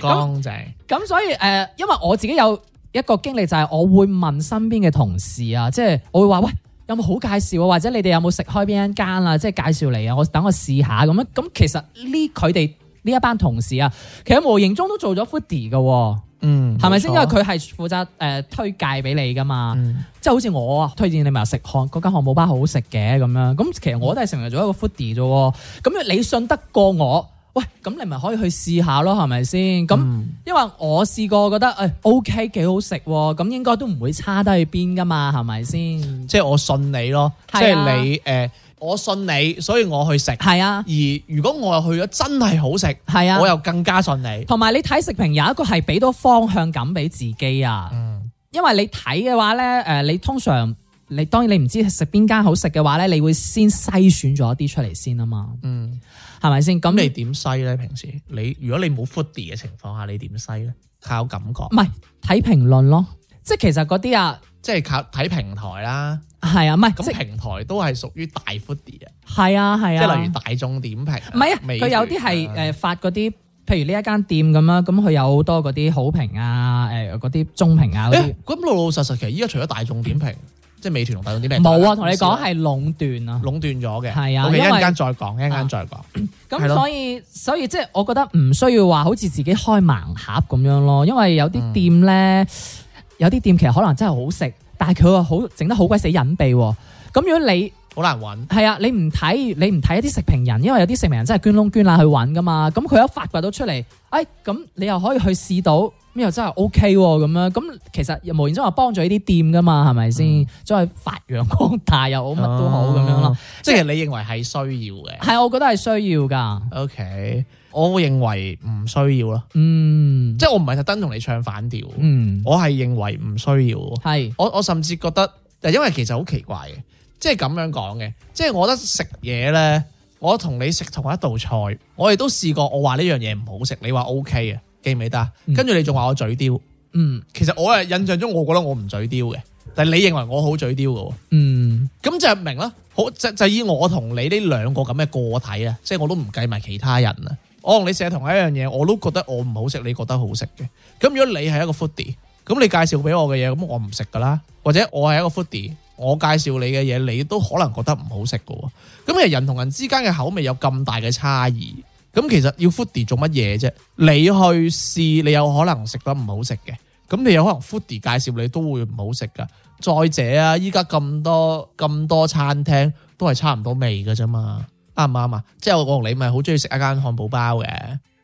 乾淨。咁 所以誒，因為，因為我自己有。一個經歷就係我會問身邊嘅同事啊，即係我會話喂，有冇好介紹啊？或者你哋有冇食開邊間啊？即係介紹嚟啊！我等我試下咁樣。咁其實呢，佢哋呢一班同事啊，其實無形中都做咗 foodie 嘅，嗯，係咪先？錯因為佢係負責誒、呃、推介俾你噶嘛，嗯、即係好似我啊推薦你咪食漢嗰間漢堡包好好食嘅咁樣。咁其實我都係成為咗一個 foodie 啫。咁你信得過我？喂，咁你咪可以去試下咯，係咪先？咁，嗯、因為我試過覺得誒、哎，OK，幾好食，咁應該都唔會差得去邊噶嘛，係咪先？即係我信你咯，啊、即係你誒、呃，我信你，所以我去食係啊。而如果我又去咗真係好食係啊，我又更加信你。同埋你睇食評有一個係俾到方向感俾自己啊，嗯，因為你睇嘅話咧，誒，你通常。你當然你唔知食邊間好食嘅話咧，你會先篩選咗一啲出嚟先啊嘛。嗯，係咪先？咁你點篩咧？平時你如果你冇 foodie 嘅情況下，你點篩咧？靠感覺，唔係睇評論咯。即係其實嗰啲啊，即係靠睇平台啦。係啊，唔係咁平台都係屬於大 foodie 嘅，係啊，係啊，即係例如大眾點評。唔係佢有啲係誒發嗰啲，譬如呢一間店咁樣，咁佢有好多嗰啲好評啊，誒嗰啲中評啊咁老老實實其實依家除咗大眾點評。嗯即係美團同大眾啲咩？冇啊，同你講係壟斷啊，壟斷咗嘅。係啊，我哋一陣間再講說，一陣間再講。咁所以，所以即係、就是、我覺得唔需要話好似自己開盲盒咁樣咯，因為有啲店咧，嗯、有啲店其實可能真係好食，但係佢又好整得好鬼死隱秘，咁、啊、如果你。好難揾，係啊！你唔睇，你唔睇一啲食評人，因為有啲食評人真係捐窿捐罅去揾噶嘛。咁佢一發掘到出嚟，哎，咁你又可以去試到，咩又真係 OK 咁樣。咁其實無言中又幫助呢啲店噶嘛，係咪先？再、嗯、發揚光大又好，乜都好咁樣咯。即係即你認為係需要嘅，係，我覺得係需要噶。OK，我會認為唔需要咯。嗯，即係我唔係特登同你唱反調。嗯，我係認為唔需要。係是，是我我甚至覺得，因為其實好奇怪嘅。即係咁樣講嘅，即係我覺得食嘢呢，我同你食同一道菜，我亦都試過，我話呢樣嘢唔好食，你話 OK 啊，記唔記得？跟住你仲話我嘴刁，嗯，其實我係印象中，我覺得我唔嘴刁嘅，但係你認為我好嘴刁㗎，嗯，咁就明啦。好，就就以我同你呢兩個咁嘅個體啊，即係我都唔計埋其他人啊。我同你食同一樣嘢，我都覺得我唔好食，你覺得好食嘅。咁如果你係一個 foodie，咁你介紹俾我嘅嘢，咁我唔食噶啦，或者我係一個 foodie。我介紹你嘅嘢，你都可能覺得唔好食嘅喎。咁其實人同人之間嘅口味有咁大嘅差異，咁其實要 foodie 做乜嘢啫？你去試，你有可能食得唔好食嘅。咁你有可能 foodie 介紹你都會唔好食嘅。再者啊，依家咁多咁多餐廳都係差唔多味嘅啫嘛，啱唔啱啊？即係我同你咪好中意食一間漢堡包嘅。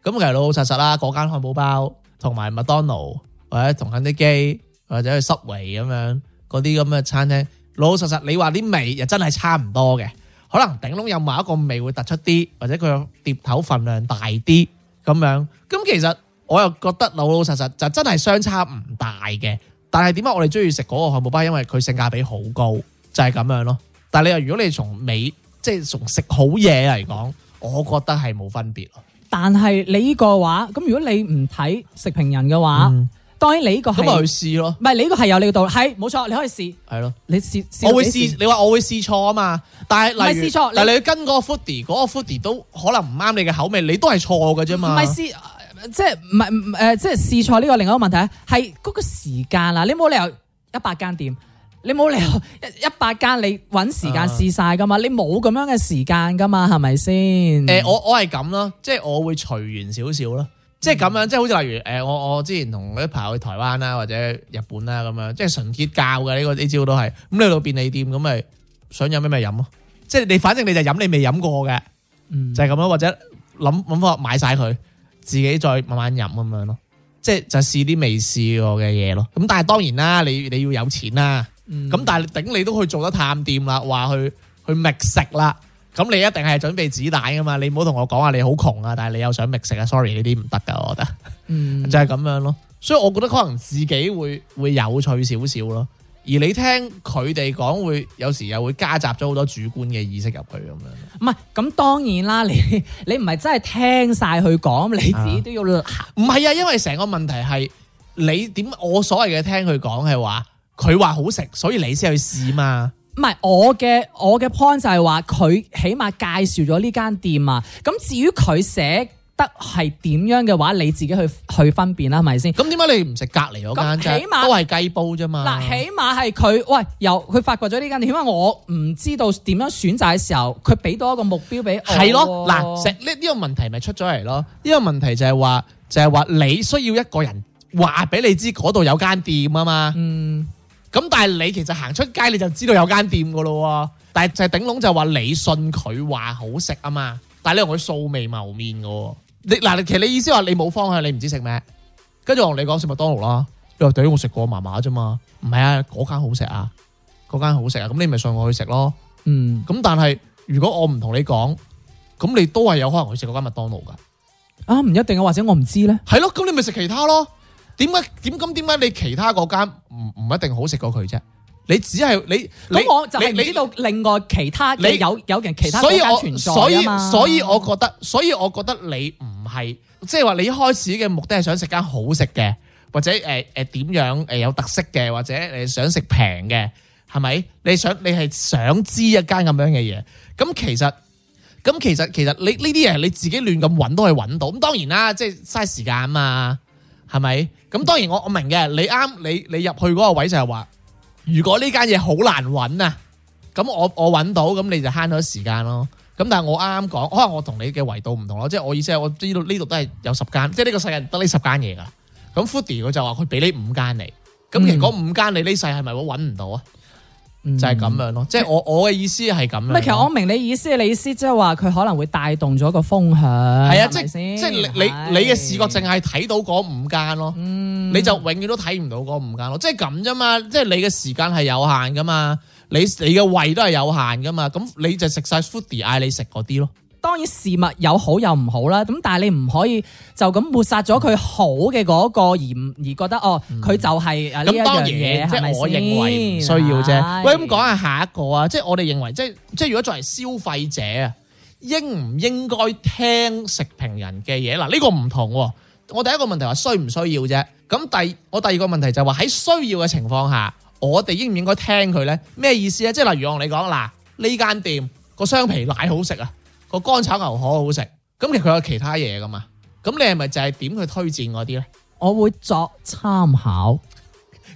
咁其實老老實實啦，嗰間漢堡包同埋麥當勞或者同肯德基或者去 Subway 咁樣嗰啲咁嘅餐廳。老老實實，你話啲味又真係差唔多嘅，可能頂籠有某一個味會突出啲，或者佢碟頭份量大啲咁樣。咁其實我又覺得老老實實就真係相差唔大嘅。但係點解我哋中意食嗰個漢堡包，因為佢性價比好高，就係咁樣咯。但係你話如果你從味，即係從食好嘢嚟講，我覺得係冇分別咯。但係你依個話，咁如果你唔睇食評人嘅話。嗯當然你呢個係咁咪去試咯，唔係你呢個係有你嘅道理，係冇錯，你可以試係咯，你試我會試，你話我會試錯啊嘛，但係例如但係你去跟個 foodie，嗰個 foodie 都可能唔啱你嘅口味，你都係錯嘅啫嘛，唔係試即係唔係誒，即係試錯呢個另一個問題係嗰個時間啦，你冇理由一百間店，你冇理由一一百間你揾時間試晒噶嘛，你冇咁樣嘅時間噶嘛，係咪先？誒，我我係咁咯，即係我會隨緣少少咯。即係咁樣，即係好似例如誒，我我之前同朋友去台灣啦，或者日本啦咁樣，即係純結教嘅呢、呢個呢招都係。咁你去到便利店咁咪想飲咩咪飲咯，即係你反正你就飲你未飲過嘅，嗯、就係咁咯。或者諗諗法買晒佢，自己再慢慢飲咁樣咯。即係就試啲未試過嘅嘢咯。咁但係當然啦，你你要有錢啦。咁、嗯、但係頂你都去做得探店啦，話去去覓食啦。咁你一定係準備子彈吖嘛？你唔好同我講話你好窮啊但係你又想覓食啊，sorry 呢啲唔得噶，我覺得，嗯， 就係咁樣咯。所以我覺得可能自己會會有趣少少咯，而你聽佢哋講，會有時又會加雜咗好多主觀嘅意識入去咁樣。唔係、嗯，咁當然啦，你你唔係真係聽晒佢講，你自己都要唔係啊，啊？因為成個問題係你點？我所謂嘅聽佢講係話，佢話好食，所以你先去試嘛。嗯唔係我嘅我嘅 point 就係話佢起碼介紹咗呢間店啊，咁至於佢寫得係點樣嘅話，你自己去去分辨啦，係咪先？咁點解你唔食隔離嗰間啫？起都係雞煲啫嘛。嗱，啊，起碼係佢喂，由佢發掘咗呢間店。起碼我唔知道點樣選擇嘅時候，佢俾到一個目標俾我。係咯，嗱，食呢呢個問題咪出咗嚟咯？呢、呢個問題就係話就係話你需要一個人話俾你知嗰度有間店啊嘛。嗯。咁但係你其實行出街你就知道有間店噶咯，但係就係頂籠就係話你信佢話好食啊嘛，但係你同佢素未謀面噶，你嗱其實你意思話你冇方向你唔知食咩，跟住我同你講食麥當勞啦，你話對於我食過麻麻啫嘛，唔係啊，嗰間好食啊，嗰間好食啊，咁、啊、你咪信我去食咯，嗯，咁但係如果我唔同你講，咁你都係有可能去食嗰間麥當勞噶，啊唔一定啊，或者我唔知咧，係咯，咁你咪食其他咯。點解點咁點解你其他嗰間唔唔一定好食過佢啫？你只係你咁我就係你知道另外其他有你有有人其他嗰間存在啊嘛。所以所以我覺得所以我覺得你唔係即係話你一開始嘅目的係想食間好食嘅，或者誒誒點樣誒有特色嘅，或者你想食平嘅，係咪？你想你係想知一間咁樣嘅嘢？咁其實咁其實其實你呢啲嘢你自己亂咁揾，都係揾到。咁當然啦，即係嘥時間啊嘛，係咪？咁當然我我明嘅，你啱你你入去嗰個位就係話，如果呢間嘢好難揾啊，咁我我揾到咁你就慳咗時間咯。咁但係我啱啱講，可能我你圍同你嘅維度唔同咯，即係我意思係我知道呢度都係有十間，即係呢個世界得呢十間嘢㗎。咁 Foodie 佢就話佢俾呢五間你，咁其實五間你呢世係咪會揾唔到啊？嗯嗯、就係咁樣咯，即係我我嘅意思係咁樣。唔係，其實我明你意思，你意思即係話佢可能會帶動咗個風向，係啊，即係即係你你你嘅視覺淨係睇到嗰五間咯，嗯、你就永遠都睇唔到嗰五間咯，即係咁啫嘛，即係你嘅時間係有限噶嘛，你你嘅胃都係有限噶嘛，咁你就食晒 foodie 嗌你食嗰啲咯。當然事物有好有唔好啦，咁但係你唔可以就咁抹殺咗佢好嘅嗰個，而而覺得、嗯、哦佢就係啊呢一樣嘢，即係、嗯、我認為唔需要啫。喂對，咁講下下一個啊，即係我哋認為，即係即係如果作為消費者啊，應唔應該聽食評人嘅嘢嗱？呢、呃呢個唔同喎。我第一個問題話需唔需要啫？咁第我第二個問題就話喺需要嘅情況下，我哋應唔應該聽佢咧？咩意思咧？即係例如我同你講嗱，呢、呃、間店個雙皮奶好食啊！個乾炒牛河好食，咁你佢有其他嘢噶嘛？咁你係咪就係點去推薦嗰啲咧？我會作參考，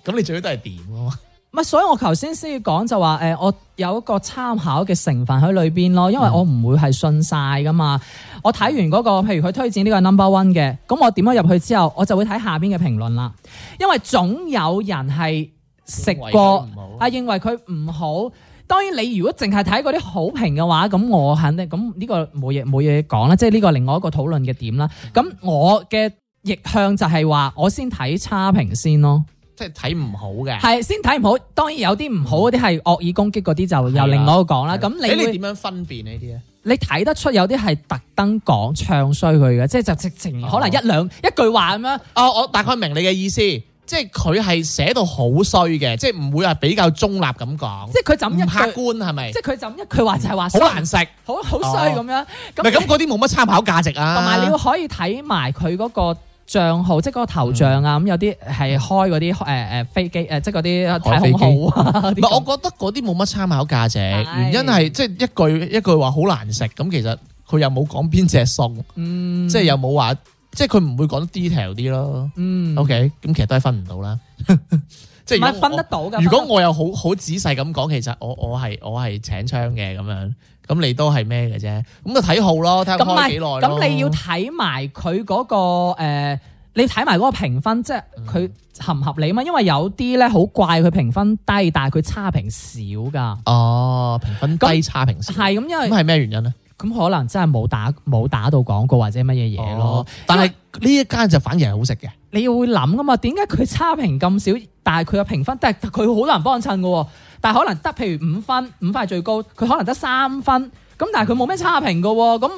咁 你最多都係點咯？唔係，所以我頭先先要講就話，誒，我有一個參考嘅成分喺裏邊咯，因為我唔會係信晒噶嘛。我睇完嗰個，譬如佢推薦呢個 number one 嘅，咁我點咗入去之後，我就會睇下邊嘅評論啦，因為總有人係食過啊，認為佢唔好。當然你如果淨係睇嗰啲好評嘅話，咁我肯定咁呢個冇嘢冇嘢講啦，即係呢個另外一個討論嘅點啦。咁我嘅逆向就係話，我先睇差評先咯，即係睇唔好嘅。係先睇唔好，當然有啲唔好嗰啲係惡意攻擊嗰啲，就由另外一個講啦。咁、嗯、你會點樣分辨呢啲咧？你睇得出有啲係特登講唱衰佢嘅，即係就，係、就直情可能一兩、哦、一句話咁樣。哦，我大概明你嘅意思。即係佢係寫到好衰嘅，即係唔會話比較中立咁講，即係佢怎一唔客觀係咪？即係佢怎一佢話就係話好難食，好好衰咁樣。唔咁嗰啲冇乜參考價值啊。同埋你可以睇埋佢嗰個賬號，即係嗰個頭像啊，咁有啲係開嗰啲誒誒飛機，誒即係嗰啲太空號啊。我覺得嗰啲冇乜參考價值，原因係即係一句一句話好難食，咁其實佢又冇講邊隻餸，嗯，即係又冇話。即係佢唔會講 detail 啲咯，嗯，OK，咁其實都係分唔到啦。 即係唔係分得到嘅。到如果我又好好仔細咁講，其實我我係我係請槍嘅咁樣，咁你都係咩嘅啫？咁就睇號咯，睇開幾耐，咁你要睇埋佢嗰個誒、呃，你睇埋嗰個評分，即係佢合唔合理啊嘛？因為有啲咧好怪，佢評分低，但係佢差評少噶。哦，評分低差評，差評少係咁，因為咁係咩原因咧？咁可能真係冇打冇打到廣告或者乜嘢嘢咯，但係呢一間就反而係好食嘅。你要會諗噶嘛？點解佢差評咁少，但係佢嘅評分，但係佢好難幫襯噶。但係可能得譬如五分，五分係最高，佢可能得三分，咁但係佢冇咩差評噶，咁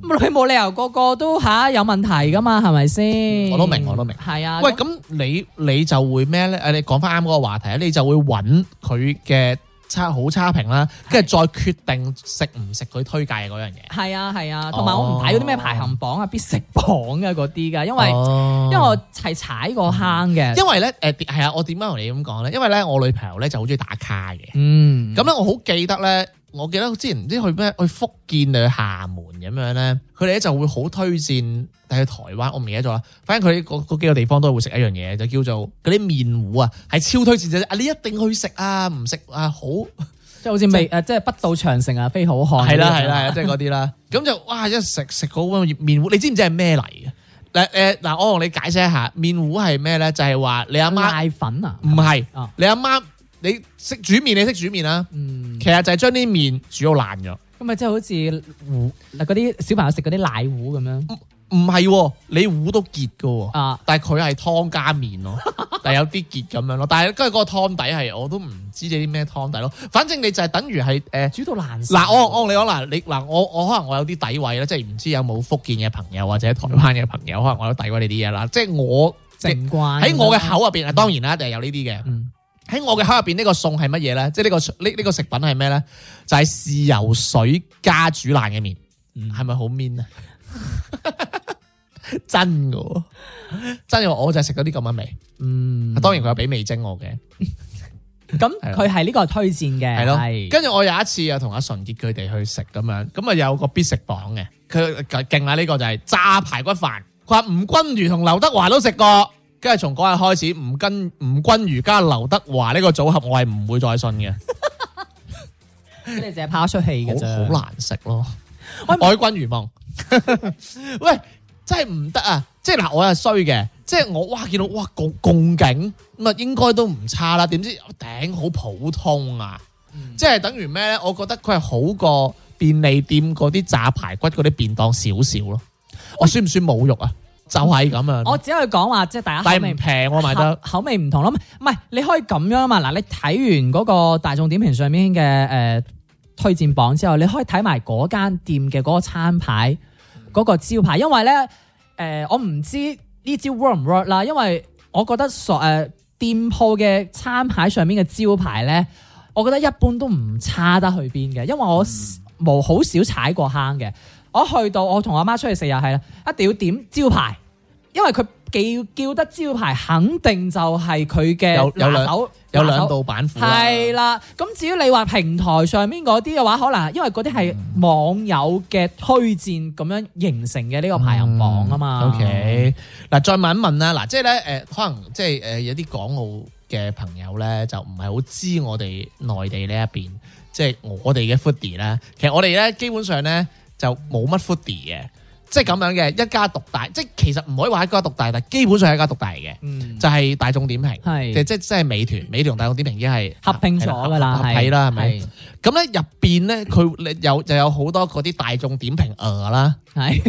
你冇理由個個都吓、啊、有問題噶嘛？係咪先？我都明，我都明。係啊。喂，咁那那你你就會咩咧？誒，你講翻啱嗰個話題，你就會揾佢嘅。差好差評啦，跟住再決定食唔食佢推介嘅嗰樣嘢。係啊係啊，同埋、啊、我唔睇嗰啲咩排行榜啊、哦、必食榜啊嗰啲噶，因為、哦、因為我係踩過坑嘅、嗯。因為咧誒係啊，我點解同你咁講咧？因為咧我女朋友咧就好中意打卡嘅。嗯，咁咧我好記得咧。我記得之前唔知去咩去福建定去廈門咁樣咧，佢哋咧就會好推薦。但去台灣我唔記得咗啦。反正佢嗰嗰幾個地方都會食一樣嘢，就叫做嗰啲麵糊啊，係超推薦嘅。啊，你一定去食啊，唔食啊，好即係好似未誒的、啊，即係不到長城啊，非好漢。係啦、啊，係啦、啊，係即係嗰啲啦。咁就，是、 就哇，一食食嗰碗麵糊，你知唔知係咩嚟嘅？誒誒，嗱、呃呃，我同你解釋一下，麵糊係咩咧？就係、是、話你阿媽奶粉啊？唔係是，哦、你阿媽。你識煮麵，你識煮麵啦。嗯，其實就係將啲麵煮到爛咗，咁咪即係好似糊嗰啲小朋友食嗰啲奶糊咁樣。唔係，你糊都結噶。啊，但係佢係湯加麵咯，但係有啲結咁樣咯。但係跟住嗰個湯底係，我都唔知你啲咩湯底咯。反正你就係等於係誒煮到爛。嗱，我我同你講嗱，你嗱我我可能我有啲詆毀咧，即係唔知有冇福建嘅朋友或者台灣嘅朋友，可能我都詆毀你啲嘢啦。即係我正關喺我嘅口入邊啊，當然啦，就係有呢啲嘅。喺我嘅口入邊，這個、呢個餸係乜嘢咧？即係呢、這個呢呢、這個食品係咩咧？就係、是、豉油水加煮爛嘅麵，係咪好 mean 啊？是是 真噶的， 真嘅，我就係食咗啲咁樣味。嗯，當然佢有俾味精我嘅。咁佢係呢個推薦嘅，係咯。跟住我有一次又同阿純杰佢哋去食咁樣，咁啊有個必食榜嘅，佢勁啊呢個就係炸排骨飯。佢話吳君如同劉德華都食過。跟住從嗰日開始，吳軍吳君如加劉德華呢個組合，我係唔會再信嘅。咁你淨係拍一出戲嘅啫，好難食咯。海軍、哎、如夢， 喂，真係唔得啊！即係嗱，我係衰嘅，即係我哇見到哇共共景咁啊，應該都唔差啦。點知頂好普通啊！嗯、即係等於咩咧？我覺得佢係好過便利店嗰啲炸排骨嗰啲便當少少咯。哎、我算唔算侮辱啊？就係咁啊！我只可以講話，即係大家口味。但係唔平，我買得口味唔同咯。唔係你可以咁樣嘛？嗱，你睇完嗰個大眾點評上面嘅誒、呃、推薦榜之後，你可以睇埋嗰間店嘅嗰個餐牌、嗰、嗯、個招牌，因為咧誒、呃，我唔知呢招 work 唔 work 啦。因為我覺得所誒、呃、店鋪嘅餐牌上面嘅招牌咧，我覺得一般都唔差得去邊嘅，因為我冇好、嗯、少踩過坑嘅。我去到，我同阿媽出去食又係啦，一定要點招牌，因為佢叫叫得招牌，肯定就係佢嘅拿手有兩道板斧。係啦，咁至於你話平台上面嗰啲嘅話，可能因為嗰啲係網友嘅推薦咁樣形成嘅呢個排行榜啊嘛。OK，嗱，再問一問啦，嗱，即係咧誒，可能即係誒、呃、有啲港澳嘅朋友咧，就唔係好知我哋內地呢一邊，即、就、係、是、我哋嘅 Foodie 咧。其實我哋咧基本上咧。就冇乜 foodie 嘅，即係咁樣嘅一家獨大，即、就、係、是、其實唔可以話一家獨大，但基本上係一家獨大嘅，就係大眾點評，係即係即係美團，美團大眾點評已經係合併咗噶啦，係啦，係咪？咁咧入邊咧，佢有就有好多嗰啲大眾點評額啦，係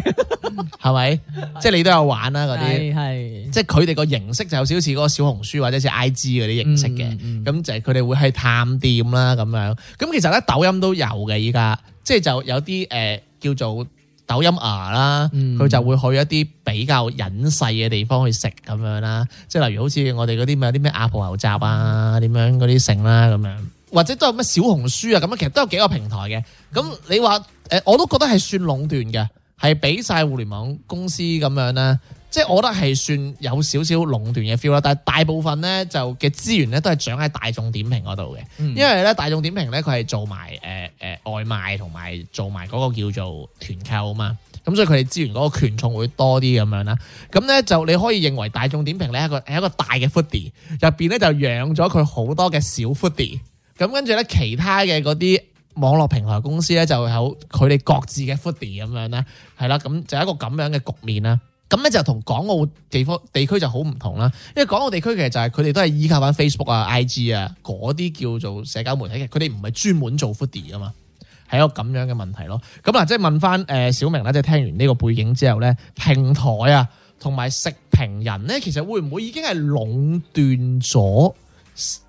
係咪？即係你都有玩啦嗰啲，係即係佢哋個形式就有少少似嗰個小紅書或者似 IG 嗰啲形式嘅，咁、嗯嗯、就係佢哋會去探店啦咁樣。咁其實咧抖音都有嘅依家。即係就有啲誒、呃、叫做抖音牙啦，佢、嗯、就會去一啲比較隱世嘅地方去食咁樣啦。即係例如好似我哋嗰啲咩啲咩阿婆牛雜啊，點樣嗰啲城啦咁樣，或者都有咩小紅書啊咁樣，其實都有幾個平台嘅。咁你話誒、呃，我都覺得係算壟斷嘅，係俾晒互聯網公司咁樣啦。即係，我覺得係算有少少壟斷嘅 feel 啦。但係大部分咧就嘅資源咧都係掌握喺大眾點評嗰度嘅。嗯、因為咧大眾點評咧佢係做埋誒誒外賣同埋做埋嗰個叫做團購啊嘛。咁所以佢哋資源嗰個權重會多啲咁樣啦。咁咧就你可以認為大眾點評咧係一個係一個大嘅 foodie 入邊咧就養咗佢好多嘅小 foodie，咁跟住咧其他嘅嗰啲網絡平台公司咧就有佢哋各自嘅 foodie 咁樣啦，係啦，咁就係一個咁樣嘅局面啦。咁咧就同港澳地方地區就好唔同啦，因為港澳地區其實就係佢哋都係依靠翻 Facebook 啊、IG 啊嗰啲叫做社交媒體嘅，佢哋唔係專門做 foodie 啊嘛，係一個咁樣嘅問題咯。咁啊，即係問翻誒小明咧，即係聽完呢個背景之後咧，平台啊，同埋食評人咧，其實會唔會已經係壟斷咗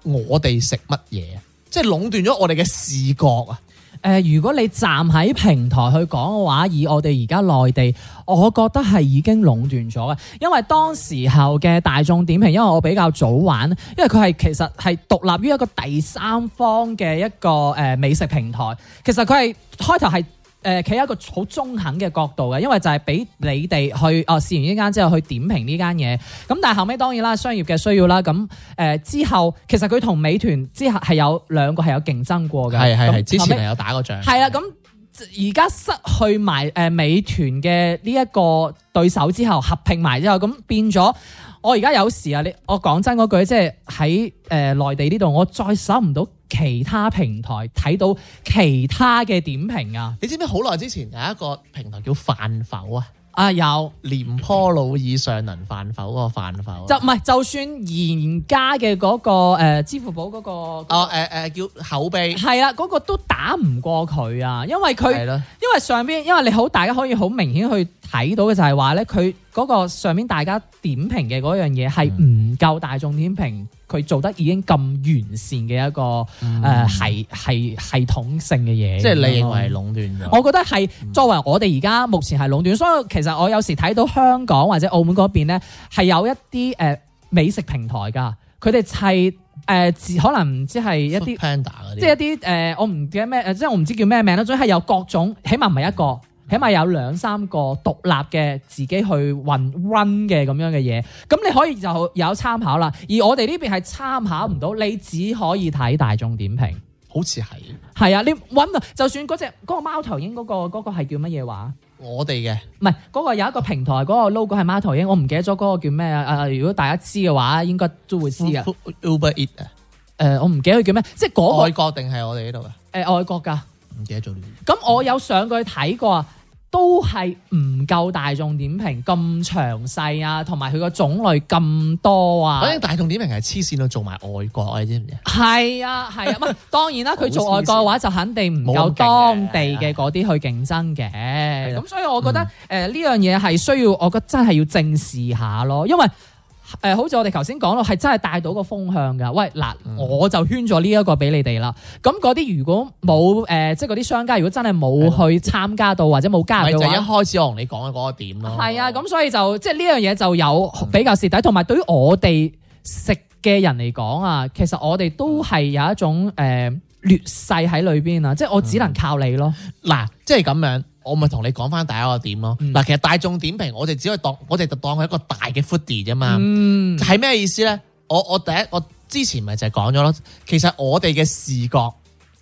我哋食乜嘢？即係壟斷咗我哋嘅視覺啊！誒，如果你站喺平台去講嘅話，以我哋而家內地，我覺得係已經壟斷咗嘅，因為當時候嘅大眾點評，因為我比較早玩，因為佢係其實係獨立於一個第三方嘅一個誒美食平台，其實佢係開頭係。誒，企一個好中肯嘅角度嘅，因為就係俾你哋去，哦試完呢間之後去點評呢間嘢，咁但係後尾當然啦，商業嘅需要啦，咁誒、呃、之後其實佢同美團之後係有兩個係有競爭過嘅，係係係之前係有打過仗，係啦，咁而家失去埋誒美團嘅呢一個對手之後合併埋之後，咁變咗。我而家有時啊，你我講真嗰句，即係喺、呃、內地呢度，我再搜唔到其他平台睇到其他嘅點評啊！你知唔知好耐之前有一個平台叫飯否啊？啊，有廉頗老矣尚能飯否嗰個飯否，就唔係就算而家嘅嗰、嗰個、呃、支付寶嗰、嗰個哦誒誒、呃呃、叫口碑係啦，嗰個都打唔過佢啊，因為佢的因為上邊因為你好大家可以好明顯去睇到嘅就係話咧，佢嗰個上面大家點評嘅嗰樣嘢係唔夠大眾點評。嗯佢做得已經咁完善嘅一個誒係係系統性嘅嘢，即係你認為壟斷？我覺得係、嗯、作為我哋而家目前係壟斷，所以其實我有時睇到香港或者澳門嗰邊咧，係有一啲誒美食平台噶，佢哋砌誒可能唔知係一啲、嗯呃，即係一啲誒我唔記得咩誒即係我唔知叫咩名啦，總之係有各種，起碼唔係一個。嗯起碼有兩三個獨立嘅自己去運 run 嘅咁樣嘅嘢，咁你可以就有參考啦。而我哋呢邊係參考唔到，你只可以睇大眾點評，好似係係啊！你揾啊，就算嗰隻嗰個貓頭鷹嗰、嗰個係、嗰個、叫乜嘢話？我哋嘅唔係嗰個有一個平台嗰、嗰個 logo 係貓頭鷹，我唔記得咗嗰個叫咩啊、呃！如果大家知嘅話，應該都會知嘅。Uber Eat 呃、我唔記得佢叫咩，即係嗰、嗰個外、呃。外國定係我哋呢度啊？誒、嗰個，外國㗎，唔記得咗。咁我有上過去睇過啊！都係唔夠大眾點評咁詳細啊，同埋佢個種類咁多啊。反正大眾點評係黐線到做埋外國，你知唔知？係啊，係啊，乜當然啦，佢 做外國嘅話就肯定唔夠當地嘅嗰啲去競爭嘅。咁所以我覺得誒呢樣嘢係需要，我覺得真係要正視下咯，因為。誒，好似我哋頭先講咯，係真係帶到個風向噶。喂，嗱，我就圈咗呢一個俾你哋啦。咁嗰啲如果冇、誒、呃，即係嗰啲商家如果真係冇去參加到或者冇加入嘅話，就一開始我同你講嘅嗰一點咯。係啊，咁所以就即係呢樣嘢就有比較蝕底。同埋，嗯、對於我哋食嘅人嚟講啊，其實我哋都係有一種誒劣勢喺裏邊啊，嗯、即係我只能靠你咯。嗱，即係咁樣。我咪同你講翻第一個點咯。嗱，其實大眾點評我哋只可以當，我哋就當佢一個大嘅 Foodie 啫嘛。嗯，係咩意思咧？我我第一我之前咪就係講咗咯。其實我哋嘅視覺，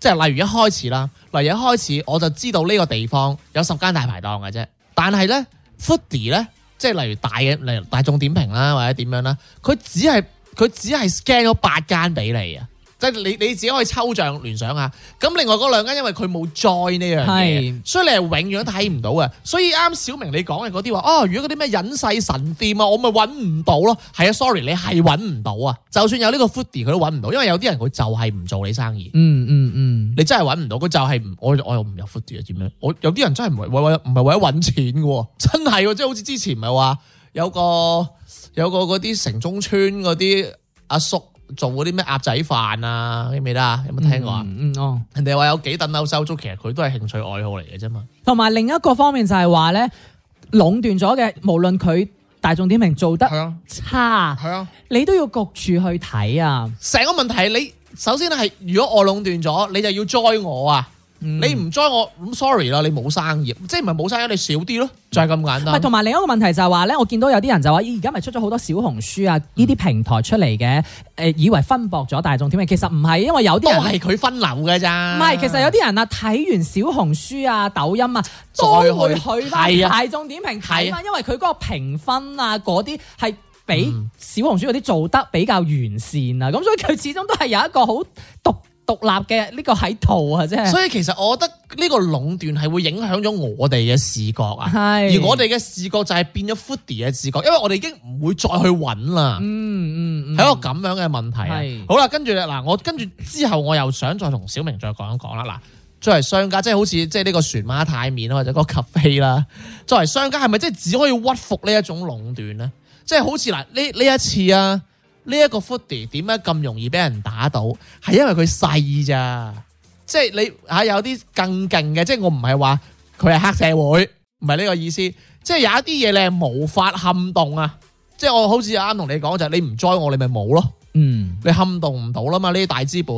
即係例如一開始啦，例如一開始我就知道呢個地方有十間大排檔嘅啫。但係咧 Foodie 咧，即係例如大嘅，例如大眾點評啦，或者點樣啦，佢只係佢只係 scan 咗八間俾你啊。即係你你自己可以抽象聯想下。咁另外嗰兩間，因為佢冇 join 呢樣嘢，所以你係永遠都睇唔到嘅。所以啱小明你講嘅嗰啲話，哦，如果嗰啲咩隱世神店啊，我咪揾唔到咯。係啊，sorry，你係揾唔到啊！就算有呢個 Foodie，佢都揾唔到，因為有啲人佢就係唔做你生意。嗯嗯嗯，嗯嗯你真係揾唔到，佢就係我我又唔有 Foodie 啊？點樣？我，我有啲人真係唔為為唔係為咗揾錢喎，真係即係好似之前咪話有個有個嗰啲城中村嗰啲阿叔。做嗰啲咩鴨仔飯啊，記唔記得啊？有冇聽過啊？嗯嗯哦、人哋話有幾等嬲，收租，其實佢都係興趣愛好嚟嘅啫嘛。同埋另一個方面就係話咧，壟斷咗嘅，無論佢大眾點評做得差，係啊，啊你都要焗住去睇啊。成個問題，你首先係如果我壟斷咗，你就要栽我啊。你唔 join 我咁 sorry 啦，你冇生意，即係唔係冇生意，你少啲咯，嗯、就係咁簡單。係，同埋另一個問題就係話咧，我見到有啲人就話，咦，而家咪出咗好多小紅書啊，呢啲平台出嚟嘅，誒、嗯，以為分薄咗大眾點評，其實唔係，因為有啲人係佢分流嘅咋。唔係，其實有啲人啊，睇完小紅書啊、抖音啊，再會去翻大眾點評睇翻，因為佢嗰個評分啊，嗰啲係比小紅書嗰啲做得比較完善啊，咁、嗯、所以佢始終都係有一個好獨。獨立嘅呢個喺圖啊，真係。所以其實我覺得呢個壟斷係會影響咗我哋嘅視覺啊。係是。而我哋嘅視覺就係變咗 Foodie 嘅視覺，因為我哋已經唔會再去揾啦。嗯嗯嗯。係一個咁樣嘅問題啊。係是。好啦，跟住嗱，我跟住之後我又想再同小明再講一講啦。嗱，作為商家，即係好似即係呢個船媽太麵或者嗰個 cafe 啦，作為商家係咪即係只可以屈服呢一種壟斷咧？即係好似嗱呢呢一次啊。呢一個 footy 點解咁容易俾人打到？係因為佢細咋，即係你啊有啲更勁嘅。即係我唔係話佢係黑社會，唔係呢個意思。即係有一啲嘢你係無法撼動啊。即係我好似啱同你講就係你唔栽我，你咪冇咯。嗯，你撼動唔到啦嘛。呢啲大資本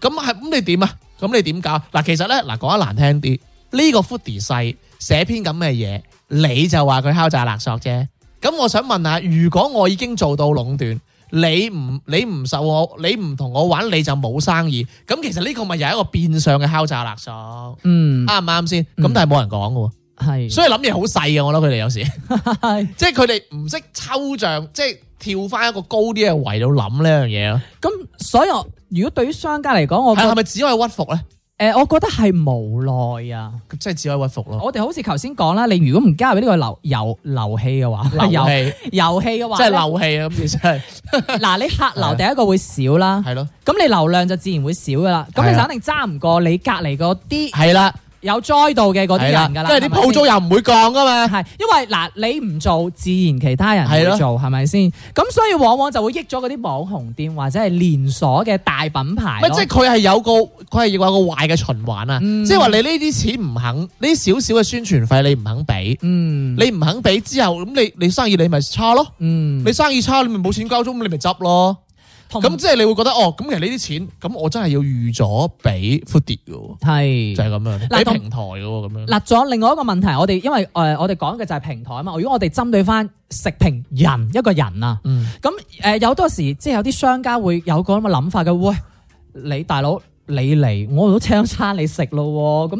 咁係咁，你點啊？咁你點搞嗱？其實咧嗱，講得難聽啲，呢、呢個 footy 細寫篇咁咩嘢，你就話佢敲詐勒索啫。咁我想問下，如果我已經做到壟斷？你唔你唔受我，你唔同我玩你就冇生意。咁其實呢個咪又係一個變相嘅敲詐勒索。嗯，啱唔啱先？咁，嗯，但係冇人講㗎喎。是所以諗嘢好細嘅，我覺得佢哋有時，即係佢哋唔識抽象，即係跳翻一個高啲嘅圍度諗呢樣嘢咯。咁 所以我如果對於商家嚟講，我係係咪只可以屈服咧？誒，我覺得係無奈啊，即係只可以屈服咯。我哋好似頭先講啦，你如果唔加入呢個流游流氣嘅話，流氣氣，流氣嘅話，即係流氣啊！咁其實，嗱，你客流第一個會少啦，係咯了，咁你流量就自然會少噶啦，咁了你就肯定揸唔過你隔籬嗰啲，係啦。有栽度嘅嗰啲人噶啦，即係啲鋪租又唔會降噶嘛。係，因為嗱你唔做，自然其他人去做，係咪先？咁所以往往就會益咗嗰啲網紅店或者係連鎖嘅大品牌。即係佢係有個，佢係亦有個壞嘅循環啊！嗯、即係話你呢啲錢唔肯，呢少少嘅宣傳費你唔肯俾，嗯、你唔肯俾之後，咁你你生意你咪差咯。嗯、你生意差，你咪冇錢交租，咁你咪執咯。咁同即係你會覺得哦，咁其實呢啲錢，咁我真係要預咗俾 Foodie 噶，係就係咁樣俾平台噶咁樣。嗱，仲有另外一個問題，我哋因為誒、呃，我哋講嘅就係平台啊嘛。如果我哋針對翻食評人一個人啊，咁誒、嗯呃，有多時即係有啲商家會有個咁嘅諗法嘅，喂，你大佬。你嚟，我都請餐你食咯，咁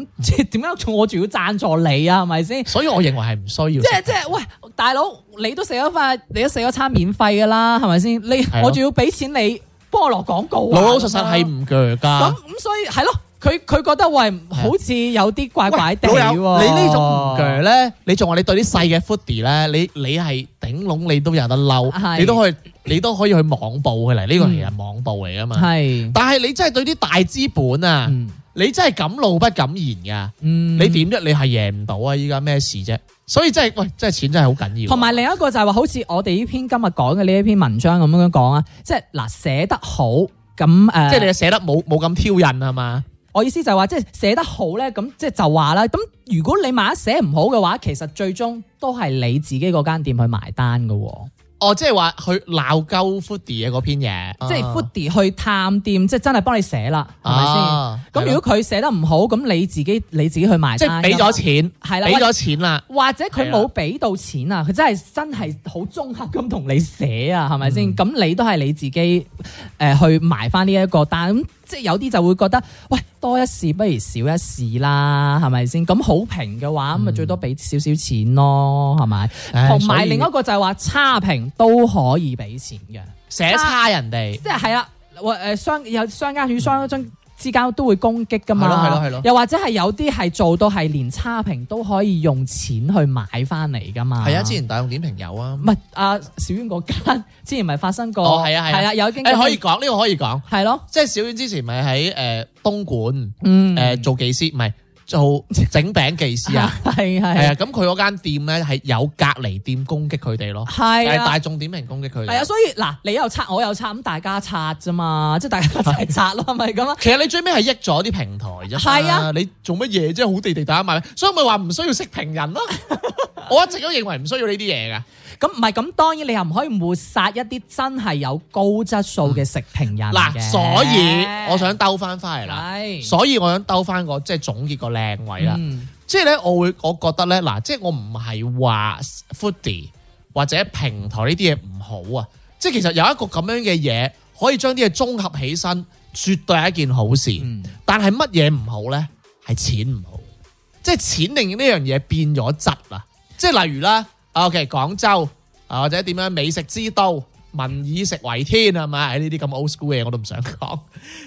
點樣我仲要贊助你啊？係咪先？所以我認為係唔需要。即係即係，喂，大佬，你都食咗飯，你都食咗餐免費噶啦，係咪先？你的我仲要俾錢你幫我落廣告，老老實實係唔攰噶。咁咁，所以係咯。佢佢覺得喂，好似有啲怪怪地、啊、你種呢種咧，你仲話你對啲細嘅 footy 咧，你你係頂籠你都有得嬲，是你都可以你都可以去網報佢嚟。呢、這個係人網報嚟噶嘛？係是。但係你真係對啲大資本啊，嗯、你真係敢怒不敢言噶、嗯。你點啫？你係贏唔到啊！依家咩事啫？所以真係喂，真係錢真係好緊要、啊。同埋另一個就係話，好似我哋呢篇今日講嘅呢一篇文章咁樣講啊，即係嗱寫得好咁誒。即係你寫得冇冇咁挑釁係嘛？我意思就話，即係寫得好咧，咁即係就話啦。咁如果你萬一寫唔好嘅話，其實最終都係你自己嗰間店去埋單噶。哦，就是、即係話去鬧鳩 Foody 嘅嗰篇嘢，即係 Foody 去探店，即係、啊、真係幫你寫啦，係咪先？咁如果佢寫得唔好，咁你自己你自己去埋單。即係俾咗錢，係啦吧，俾咗錢啦，吧或者佢冇俾到錢啊？佢吧真係真係好綜合咁同你寫啊，係咪先？咁、嗯、你都係你自己誒去埋翻呢一個單。即係有啲就會覺得，喂，多一事不如少一事啦，係咪先？咁好評嘅話，咁咪、嗯、最多俾少少錢咯，係咪？同埋唉另一個就係話差評都可以俾錢嘅，寫差人哋，即係係啦，或誒商有商家與商家中。之間都會攻擊噶嘛，又或者係有啲係做到係連差評都可以用錢去買翻嚟噶嘛。係啊，之前大眾點評有啊。唔係啊，小娟嗰間之前咪發生過，係啊係啊，有經。誒可以講呢、呢個可以講，係咯的，即係小娟之前咪喺誒東莞誒、呃、做技師，唔係、嗯。做整餅技師啊，係係係啊，咁佢嗰間店咧係有隔離店攻擊佢哋咯，係啊的，大眾點評攻擊佢哋，係啊，所以嗱你又刷，我又刷，咁大家刷啫嘛，即係大家一齊刷咯，係咪咁啊？其實你最尾係益咗啲平台啫，係啊的，你做乜嘢，即係好地地大家買，所以咪話唔需要識評人咯， 我一直都認為唔需要呢啲嘢嘅。咁唔係，咁當然你又唔可以抹殺一啲真係有高質素嘅食評人嗱，所以我想兜翻翻嚟啦，係，所以我想兜翻個即係總結個靚位啦，嗯、即係咧，我會我覺得咧，嗱，即係我唔係話 foodie 或者平台呢啲嘢唔好啊，即係其實有一個咁樣嘅嘢可以將啲嘢綜合起身，絕對係一件好事。嗯、但係乜嘢唔好咧？係錢唔好，即係錢令呢樣嘢變咗質啦。即係例如咧。O.K. 廣州啊，或者點樣美食之都，民以食為天係咪？喺呢啲咁 old school 嘢，我都唔想講。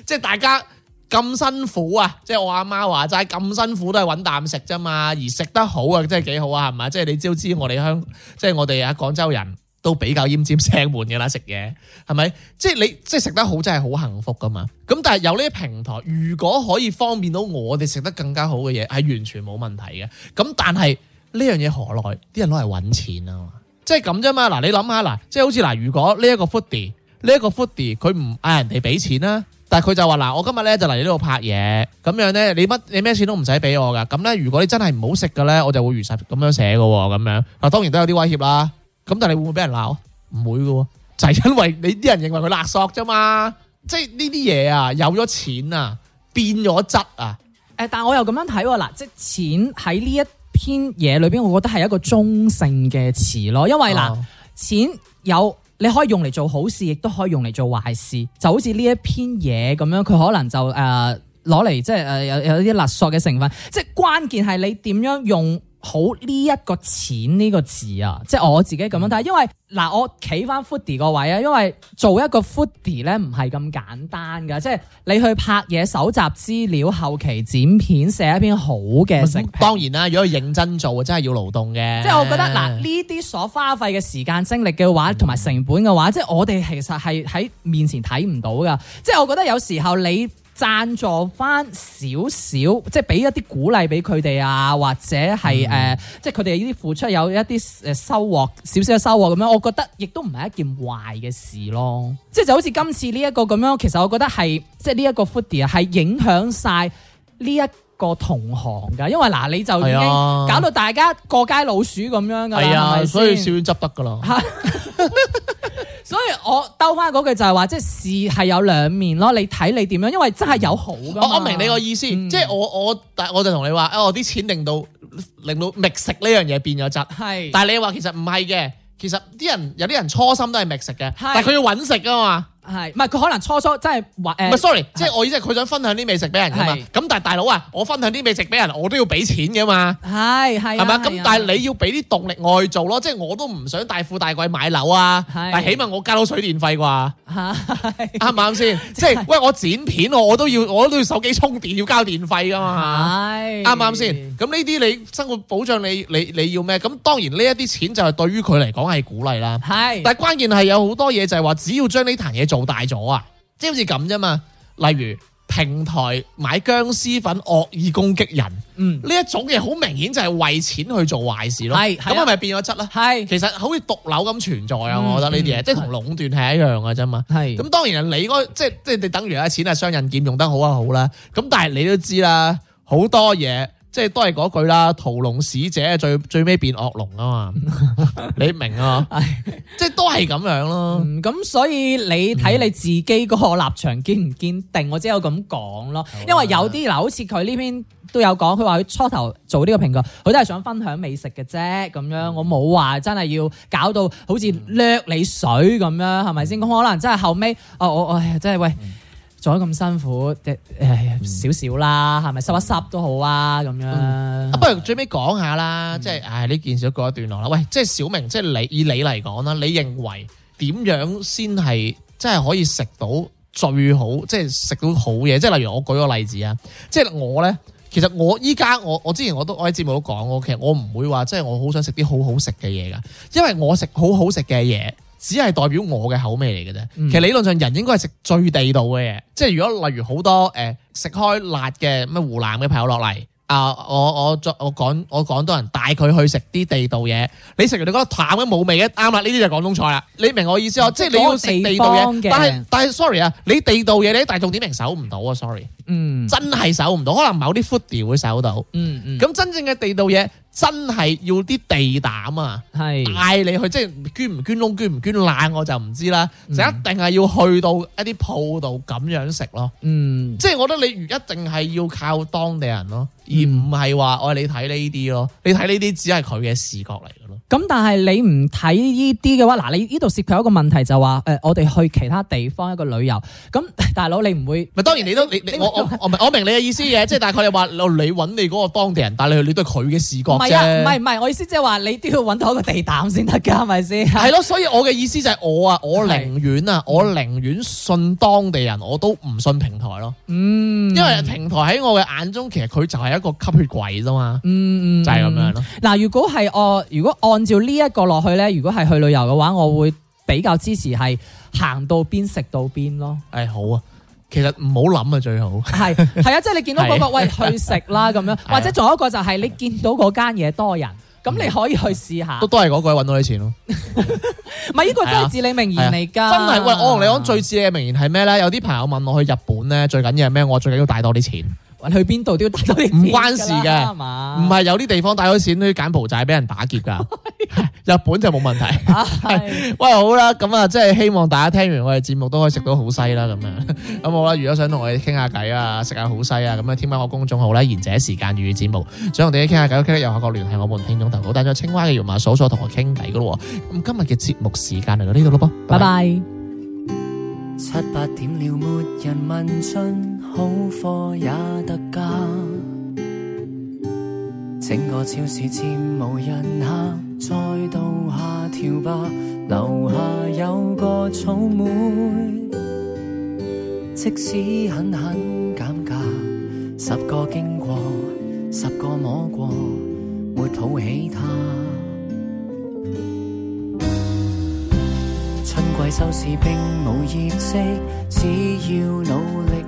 即 係大家咁辛苦啊！即係我阿媽話齋，咁辛苦都係揾啖食啫嘛。而食得好啊，真係幾好啊，係咪？即係你都知我哋香，即係我哋啊廣州人都比較奄尖腥悶嘅啦，食嘢係咪？即係你即係食得好，真係好幸福噶嘛。咁但係有呢啲平台，如果可以方便到我哋食得更加好嘅嘢，係完全冇問題嘅。咁但係。呢樣嘢何來？啲人攞嚟揾錢啊！即係咁啫嘛。嗱，你諗下，嗱，即係好似嗱，如果呢一個 foodie，呢一個 foodie，佢唔嗌人哋俾錢啦、啊，但係佢就話嗱，我今日咧就嚟呢度拍嘢，咁樣咧，你乜你咩錢都唔使俾我噶。咁咧，如果你真係唔好食嘅咧，我就會如實咁樣寫噶。咁樣嗱，當然都有啲威脅啦。咁但係會唔會俾人鬧？唔會噶，就係、是、因為你啲人認為佢勒索啫嘛。即係呢啲嘢啊，有咗錢啊，變咗質啊。誒，但我又咁樣睇喎，嗱，即係錢喺呢一。篇嘢裏邊，我覺得係一個中性嘅詞咯，因為嗱，哦、錢有你可以用嚟做好事，亦都可以用嚟做壞事，就好似呢一篇嘢咁樣，佢可能就誒攞嚟即係誒有有啲勒索嘅成分，即係關鍵係你點樣用。好呢一個錢呢個字啊，即係我自己咁樣睇，因為嗱我企翻 Foodie 個位啊，因為做一個 Foodie 咧唔係咁簡單噶，即係你去拍嘢、搜集資料、後期剪片、寫一篇好嘅食評。當然啦，如果認真做，真係要勞動嘅。即係我覺得嗱，呢啲所花費嘅時間精力嘅話，同埋成本嘅話，嗯、即係我哋其實係喺面前睇唔到噶。即係我覺得有時候你。贊助翻少少，即係俾一啲鼓勵俾佢哋啊，或者係誒、嗯呃，即係佢哋呢啲付出有一啲誒收穫，少少嘅收穫咁樣，我覺得亦都唔係一件壞嘅事咯。即係就好似今次呢一個咁樣，其實我覺得係即係呢一個 foodie 啊，係影響晒。呢一個同行噶，因為嗱你就已經搞到大家過街老鼠咁樣噶，係啊，係咪先？所以少執得噶啦。所以我兜翻嗰句就係話，即係事係有兩面咯。你睇你點樣，因為真係有好噶。我我明你個意思，嗯、即係我我但我就同你話，我啲錢令到令到揾食呢樣嘢變咗質。係是，但係你話其實唔係嘅，其實啲人有啲人初心都係揾食嘅，是但係佢要揾食啊嘛。係，唔係佢可能初初真係話，唔係 sorry，即係我意思係佢想分享啲美食俾人噶嘛，咁但係大佬啊，我分享啲美食俾人，我都要俾錢噶嘛，係係，係嘛，咁但係你要俾啲動力我去做咯，即係我都唔想大富大貴買樓啊，但係起碼我交到水電費啩，係，啱唔啱先？即係喂，我剪片我我都要，我都要手機充電要交電費噶嘛，係，啱唔啱先？咁呢啲你生活保障你你你要咩？咁當然呢一啲錢就係對於佢嚟講係鼓勵啦，係，但係關鍵係有好多嘢就係話，只要將呢壇嘢。做大咗啊，即係好似咁啫嘛。例如平台買僵屍粉惡意攻擊人，呢、嗯、一種嘢好明顯就係為錢去做壞事咯。係，咁係咪變咗質啦？係是，其實好似毒瘤咁存在啊。嗯、我覺得呢啲嘢，即係同壟斷係一樣噶啫嘛。係是，咁當然你嗰，即係即係你等於啊，錢係雙刃劍，用得好啊好啦。咁但係你都知啦，好多嘢。即係都係嗰句啦，屠龍使者最最尾變惡龍啊嘛， 你明啊？ 即係都係咁樣咯、啊。咁、嗯、所以你睇你自己個立場堅唔堅定，嗯、我只有咁講咯。啊、因為有啲嗱，好似佢呢邊都有講，佢話佢初頭做呢個評價，佢都係想分享美食嘅啫咁樣。我冇話真係要搞到好似掠你水咁樣，係咪先？咁可能真係後尾，哦我，哎真係喂。嗯做咁辛苦，即係少少啦，係咪濕一濕都好啊？咁、嗯、樣啊，嗯、不如最尾講下啦，即係誒呢件事都過一段落啦。喂，即、就、係、是、小明，即、就、係、是、你以你嚟講啦，你認為點樣先係即係可以食到最好，即係食到好嘢？即、就、係、是、例如我舉個例子啊，即、就、係、是、我咧，其實我依家我我之前我都我喺節目都講過，其實我唔會話即係我想好想食啲好好食嘅嘢㗎，因為我食好好食嘅嘢。只係代表我嘅口味嚟嘅啫，其實理論上人應該係食最地道嘅嘢。嗯、即係如果例如好多誒食、呃、開辣嘅乜湖南嘅朋友落嚟，啊、呃、我我我講我廣東人帶佢去食啲地道嘢，你食完你覺得淡嘅冇味嘅，啱啦呢啲就廣東菜啦。你明我意思啊？嗯、即係你要食地道嘢，但係但係 sorry 啊，你地道嘢你喺大眾點評搜唔到啊，sorry，嗯，真係搜唔到，可能某啲 foodie 會搜到，嗯嗯，咁真正嘅地道嘢。嗯嗯真係要啲地膽啊！係嗌是你去，即係捐唔捐窿捐唔捐罅，我就唔知啦。就一定係要去到一啲鋪度咁樣食咯。嗯，即係我覺得你如一定係要靠當地人咯，嗯、而唔係話我你睇呢啲咯，你睇呢啲只係佢嘅視覺嚟嘅咯。咁但係你唔睇呢啲嘅話，嗱，你呢度涉及一個問題就話，誒、呃，我哋去其他地方一個旅遊，咁大佬你唔會？咪當然你都你，你我我我明你嘅意思嘅，即係 大概你話你揾你嗰個當地人，帶你去，你都係佢嘅視覺。唔係唔係，我意思即係話你都要揾到一個地膽先得噶，係咪先？係咯，所以我嘅意思就係我啊，我寧願啊，的我寧願信當地人，我都唔信平台咯。嗯，因為平台喺我嘅眼中，其實佢就係一個吸血鬼啫嘛、嗯嗯。嗯，就係咁樣咯。嗱，如果係我如果按照呢一個落去咧，如果係去旅遊嘅話，我會比較支持係行到邊食到邊咯。誒、欸，好啊。其實唔好諗啊，最好係係啊，的 即係你見到嗰、那個的喂去食啦咁樣， 或者仲有一個就係你見到嗰間嘢多人，咁的你可以去試下。都都係嗰位揾到啲錢咯。唔係呢個真係至理名言嚟噶。真係喂，我同你講最至理嘅名言係咩咧？有啲朋友問我去日本咧最緊要係咩？我最緊要帶多啲錢。去邊度都要帶咗錢唔關事嘅，唔係有啲地方帶咗錢要柬埔寨，俾人打劫噶。日本就冇問題。喂，好啦，咁啊，即係希望大家聽完我哋節目都可以食到好西啦咁啊。咁好啦，如果想同我哋傾下偈啊，食下好西啊，咁啊，添加我公眾號啦，賢者時間粵語節目，想同我哋傾下偈，傾得有下可聯繫我們聽眾，投稿。但咗青蛙嘅肉麻嫂嫂同我傾偈嘅咯喎。咁今日嘅節目時間嚟到呢度咯噃，拜拜。七八點了，沒人問津。好貨也得價，整個超市全無人客，再度下調吧。樓下有個草莓，即使狠狠減價，十個經過，十個摸過，沒抱起他。春季收市並無業績，只要努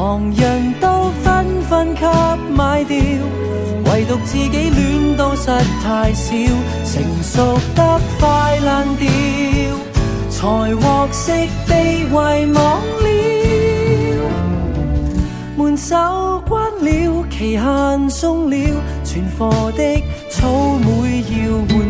旁人都紛紛給賣掉，唯獨自己戀到實太少，成熟得快爛掉，才獲悉被遺忘了。門鎖關了，期限鬆了，存貨的草莓要換。